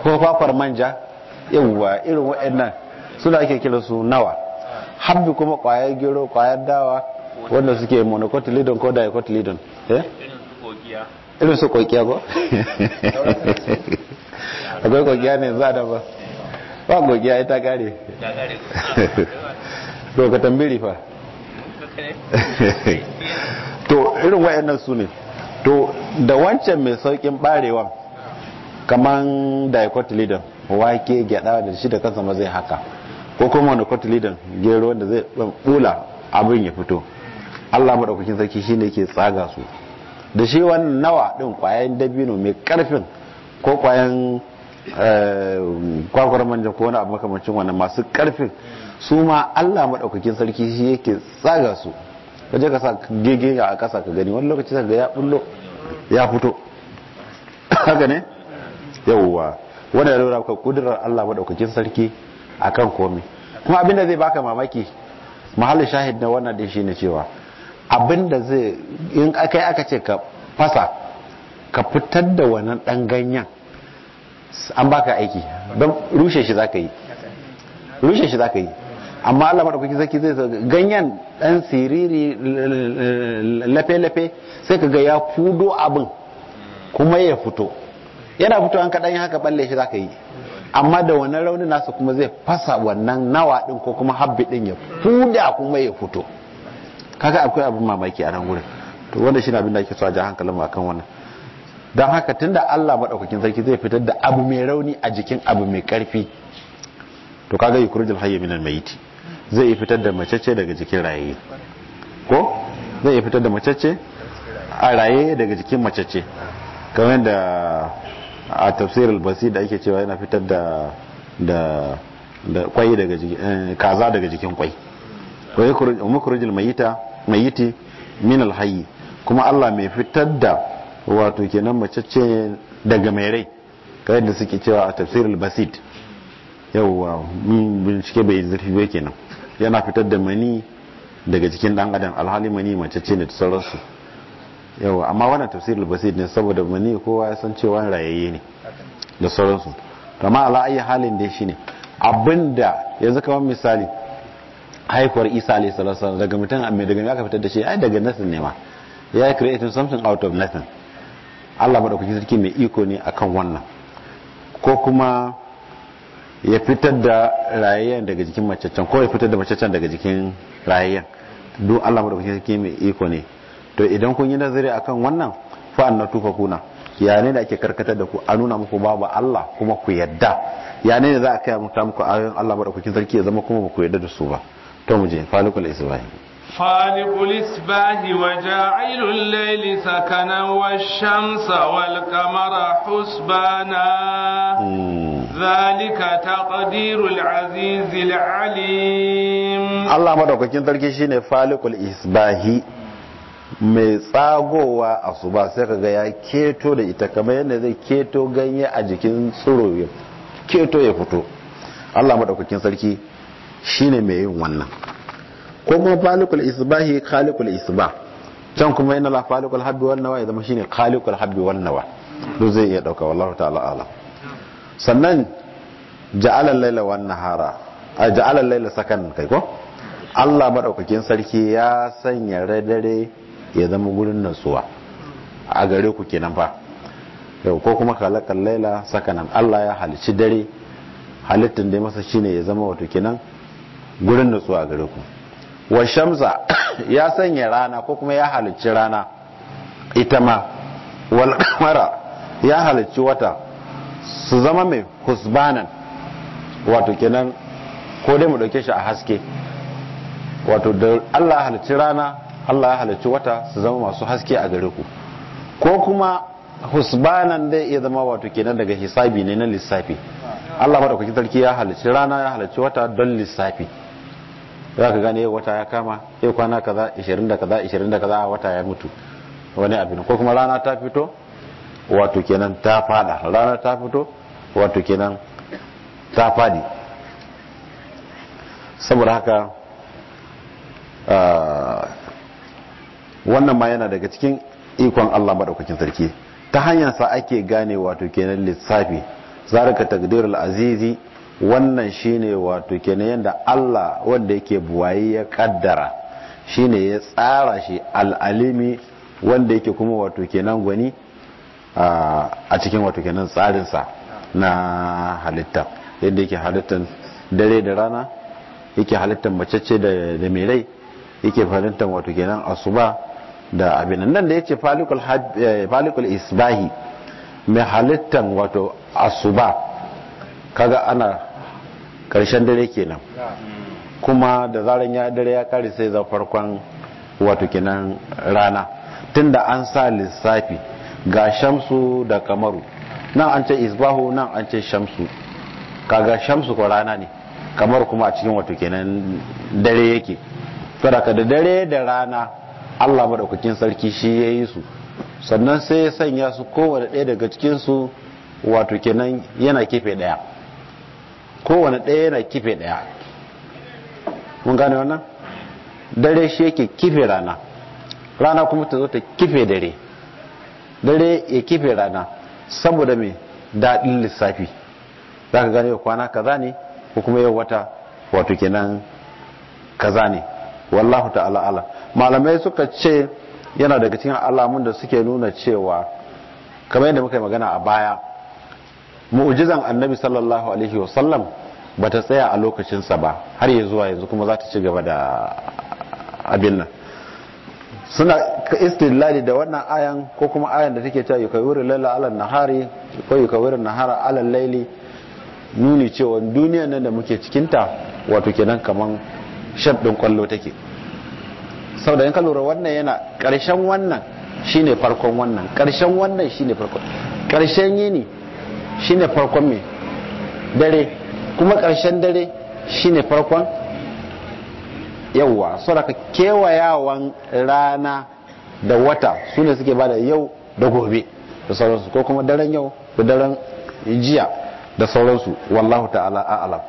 ko kwakwar manja yawwa irin waɗannan suna ake kira su nawa habbi kuma kwayar gero kwayar dawa wanda suke monocotyledon ko dicotyledon eh irin su kokiya ko akwai kokiya ne za da ba ba kokiya ita kare to ka tambiri fa to irin wayannan su ne to da wancan mai saukin barewa kaman dicotyledon wake gyada da shi da kansa ma zai haka ko kuma wani kwatilidan gero da zai bula abin ya fito allah maɗaukakin sarki shi ne ke tsaga su da shi wannan nawa ɗin ƙwayan dabino mai ƙarfin ko ƙwayan eh, kwakwar manja ko wani abu makamancin wani masu ƙarfin su ma allah maɗaukakin sarki shi yake tsaga su kaje ka sa gege a ƙasa ka gani wani lokaci ka ya bullo ya fito haka ne yawwa wanda ya lura ka kudurar Allah madaukakin sarki akan komai kuma abinda zai baka mamaki mahallin shahid na wannan din shine cewa abinda zai in akai aka ce ka fasa ka fitar da wannan dan ganyen an baka aiki don rushe shi zaka yi rushe shi zaka yi amma Allah madaukakin sarki zai ganyen dan siriri lafe lafe sai ka ga ya fudo abin kuma ya fito yana fito an kaɗan haka balle shi za ka yi amma da wannan raunin nasa kuma zai fasa wannan nawa ɗin ko kuma habbi din ya fuda kuma ya fito kaga akwai abin mamaki a nan to wanda shi na abin da ake so a ji hankalin wannan don haka tunda Allah maɗaukakin sarki zai fitar da abu mai rauni a jikin abu mai ƙarfi to kaga yukurjul hayy minal mayiti zai fitar da macece daga jikin raye ko zai fitar da macece a raye daga jikin macece kamar da a tafsir al-basir da ake cewa yana fitar da da da kwai daga jikin eh, kaza daga jikin kwai wa yukhrijul mayita mayiti min al kuma Allah mai fitar da wato kenan mace ce daga mai rai kai da suke cewa a tafsir al yawa mun bincike bai zurfi ba kenan yana fitar da mani daga jikin dan adam alhali mani mace ce ne tsaron sauransu Yau amma wannan al basit ne saboda mani kowa ya san cewa rayayye ne da sauransu amma ala ayi halin da shi ne abinda yanzu kamar misali Haifar isa alayhi salatu daga mutum mai daga aka fitar da shi ai daga nothing ne ma ya creating something out of nothing Allah madaukaki sarki mai iko ne akan wannan ko kuma ya fitar da rayayyen daga jikin macecen ko ya fitar da macecen daga jikin rayayyen duk Allah madaukaki sarki mai iko ne to idan kun yi nazari akan wannan fa annatu kuna. ya ne da ake karkatar da ku a nuna muku babu Allah kuma ku yadda ya ne da za a kai muta muku ayoyin Allah madaukakin sarki ya zama kuma ba ku yadda da su ba to mu je falikul isbahi falikul isbahi wa ja'ilul layli sakanan wash-shamsa wal qamara husbana hmm. zalika taqdirul azizil alim Allah madaukakin sarki shine falikul isbahi mai tsagowa a su ba sai kaga ya keto da ita kamar yadda zai keto ganye a jikin tsoro ya keto ya fito Allah madaukakin sarki shine mai yin wannan kuma falikul isbahi khaliqul isbah can kuma yana la falikul habbi wan nawa ya zama shine khaliqul habbi wan nawa to zai iya dauka wallahu ta'ala ala sannan ja'ala al-laila wan nahara a ja'ala al-laila sakan kai ko Allah madaukakin sarki ya sanya dare ya zama gurin natsuwa a gare ku kenan fa yau ko kuma khalaqal laila sakanan Allah ya halici dare halittin da masa shine ya zama wato kenan gurin natsuwa a gare ku wa shamsa ya sanya rana ko kuma ya halicci rana ita ma wal qamara ya halicci wata su zama mai husbanan wato kenan ko dai mu dauke shi a haske wato da Allah halicci rana Allah ya halacci wata su zama masu haske a gare ku ko kuma husbanan dai ya zama wato kenan daga hisabi ne na lissafi Allah da kwaki sarki ya halacci. rana ya halacci wata don lissafi za ka gane wata ya kama ya kwana kaza 20 da kaza 20 da kaza wata ya mutu wani abin ko kuma rana ta fito wato kenan ta fada rana ta fito wato kenan ta fadi saboda haka ah, wannan ma yana daga cikin ikon Allah madaukakin sarki ta hanyar sa ake gane wato kenan lissafi zarika takdirul azizi wannan shine wato kenan yanda Allah wanda yake buwaye ya kaddara shine ya tsara shi al'alimi wanda yake kuma wato kenan gwani a cikin wato kenan tsarin sa na halitta yadda yake halittan dare da rana yake halittan macece da mai rai yake halittan wato kenan asuba da abin nan da ya ce eh, falikul isbahi mai halittan wato asuba kaga ana karshen dare kenan kuma da zarar ya dare ya kare sai za farkon wato kenan rana Tun da an sa lissafi ga shamsu da kamaru nan an ce isbahu nan an ce shamsu kaga shamsu ko rana ne kamar kuma a cikin wato kenan dare yake ka da dare da rana Allah madaukakin sarki shi ya yi su sannan sai ya sanya su kowane ɗaya daga cikinsu wato kenan yana kife ɗaya kowane ɗaya yana kife ɗaya mun gane wannan dare shi yake kife rana rana kuma ta zo ta kife dare dare ya kife rana saboda mai daɗin lissafi za ka gane kwana kaza ne ko kuma yau wata wato kenan kaza ne wallahu ta'ala ala malamai suka ce yana daga cikin alamun da suke nuna cewa kamar yadda muka yi magana a baya Mu'ujizan annabi sallallahu alaihi wasallam ba ta tsaya a lokacinsa ba har ya zuwa yanzu kuma za ta ci gaba da abin nan suna istilali da wannan ayan ko kuma ayan da take cewa wurin laila ala nahari ko yukawiru nahara ala laili nuni cewa duniyar nan da muke cikinta wato kenan kaman shaf ɗin kwallo take sau da yin ka lura wannan yana ƙarshen wannan shine farkon wannan ƙarshen wannan shine farkon ƙarshen yini shine farkon mai dare kuma ƙarshen dare shine farkon yauwa saboda kewayawan rana da wata su ne suke bada yau da gobe da sauransu ko kuma daren yau da daren jiya da sauransu wallahu ta'ala a'alam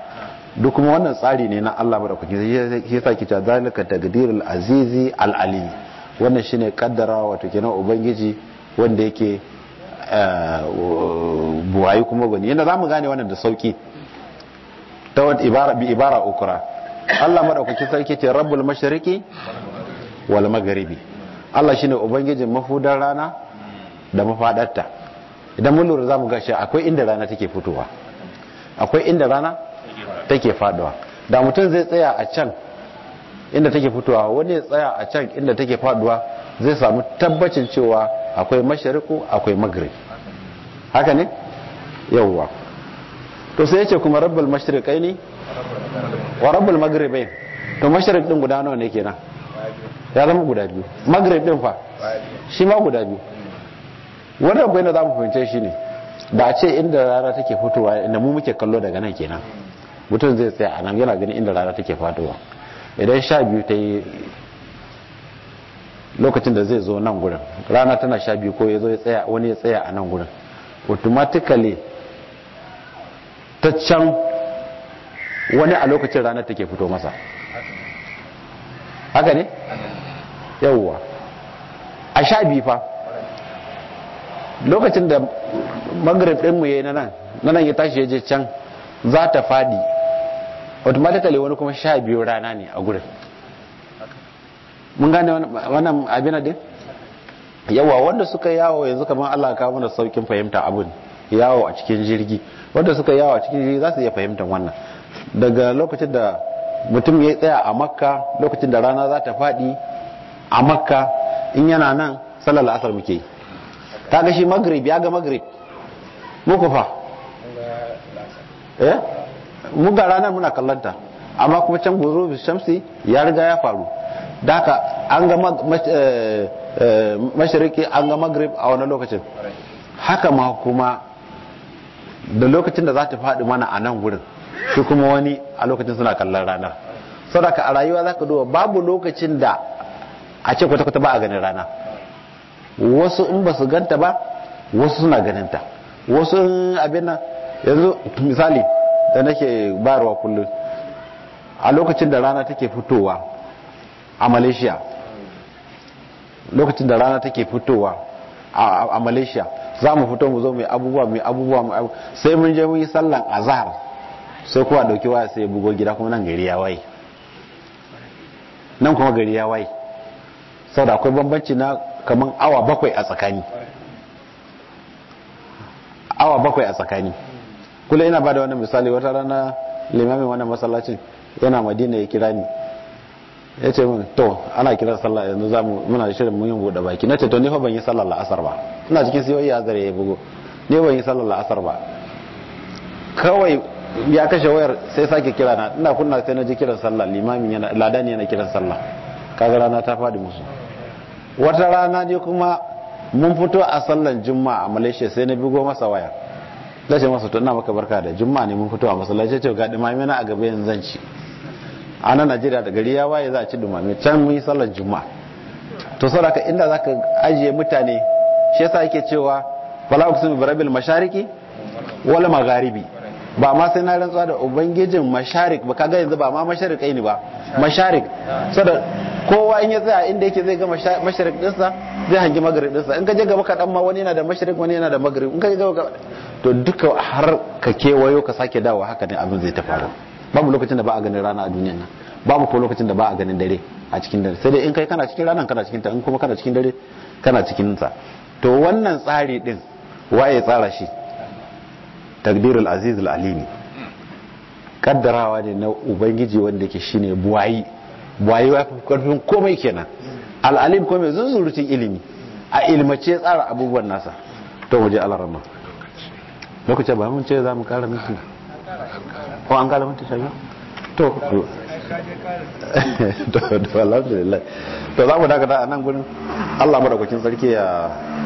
duk kuma wannan tsari ne na Allah madaukaki shi yasa kita zalika taqdirul azizi al alim wannan shine kaddara wato kenan ubangiji wanda yake eh, buwayi kuma gani yana zamu gane wannan da sauki ta wata ibara bi ibara ukra Allah madaukaki sarki ce rabbul mashriqi wal magharibi Allah shine ubangijin mafudar rana da mafadarta idan mun lura zamu ga shi akwai inda rana take fitowa akwai inda rana take faduwa da mutum zai tsaya a can inda take fitowa wani ya tsaya a can inda take faduwa zai samu tabbacin cewa akwai mashariku akwai magrib haka ne yawwa to sai yace kuma rabbul mashriqai ne wa rabbul maghribai to mashriq din guda nawa ne kenan ya zama guda biyu maghrib din fa shi ma guda biyu wannan bayanin da zamu fahimce shi ne da a ce inda rana take fitowa inda mu muke kallo daga nan kenan mutum zai tsaya a nan yana ganin inda rana take faduwa idan sha biyu ta yi lokacin da zai zo nan gurin rana tana sha biyu ko ya zo wani ya tsaya a nan gurin automatically ta can wani a lokacin rana take fito masa haka ne yawwa a sha biyu fa lokacin da magrib ɗinmu ya yi na nan na nan ya tashi ya je can za ta fadi automatically wani kuma sha biyu rana ne a gurin mun gane wannan abin din yawa wanda suka yawo yanzu kamar Allah ka mana saukin fahimta abin yawo a cikin jirgi wanda suka yawo a cikin jirgi za su iya fahimtar wannan daga lokacin da mutum ya tsaya a makka lokacin da rana za ta faɗi a makka in yana nan sallar asar muke yi ta gashi shi magrib ya ga magrib muku fa eh? mu ga ranar muna kallanta amma kuma can shamsi ya riga ya faru daka an ga eh, eh, mashiriki an ga magrib a wani lokacin haka ma kuma da lokacin da za ta faɗi mana a nan wurin shi kuma wani a lokacin suna kallon ranar saboda a rayuwa za ka duba babu lokacin da a ce kwata-kwata ba a ganin rana wasu in ba su ganta ba wasu suna ganinta wasu abin nan yanzu misali da nake bayarwa kullum a lokacin da rana take fitowa a malaysia lokacin da rana take fitowa a malaysia za mu fito mu zo mai abubuwa mai abubuwa mai abubuwa sai mun je mun yi sallan azhar sai kuwa dauki waya sai ya bugo gida kuma nan gari ya waye nan kuma gari ya waye saboda akwai bambanci na kaman awa bakwai a tsakani awa bakwai a tsakani kula ina bada wannan misali wata rana limamin wannan masallacin yana madina ya kira ni ya ce min to ana kira sallah yanzu za mu muna shirin mun yin bude baki na ce to ni fa ban yi sallar la'asar ba ina cikin siyoyi zare ya bugo ni ban yi sallar la'asar ba kawai ya kashe wayar sai sake kira na ina kunna sai na ji kiran sallah limamin yana ladani yana kiran sallah kaga rana ta fadi musu wata rana ne kuma mun fito a sallan juma'a a malaysia sai na bugo masa waya zai ce masa tunna maka barka da jumma ne mun fito a masallaci ce ga dumame na a gaba yin zan ci a nan najeriya da gari ya waye za a ci dumame can mun yi sallar jumma to saboda inda za ka ajiye mutane shi yasa yake cewa bala uksum bi mashariki wala magharibi ba ma sai na rantsuwa da ubangijin masharik ba kaga yanzu ba ma masharik ne ba masharik saboda kowa in ya tsaya inda yake zai ga masharik dinsa zai hangi magrib dinsa in ka je gaba dan ma wani yana da masharik wani yana da magrib in ka je gaba to duka har ka kewayo ka sake dawo haka ne abin zai ta faru babu lokacin da ba a ganin rana a duniyan nan babu ko lokacin da ba a ganin dare a cikin dare sai dai in kai kana cikin rana kana cikin ta in kuma kana cikin dare kana cikin sa to wannan tsari din waye tsara shi takdirul aziz al alimi kaddarawa ne na ubangiji wanda ke shine buwayi buwayi wa karfin komai kenan al alim komai cikin ilimi a ilmace tsara abubuwan nasa to waje alarama muka ce ba mun ce za mu kara miki ko an kara miki shayi to to alhamdulillah to za mu dakata a nan gurin Allah madaukakin sarki ya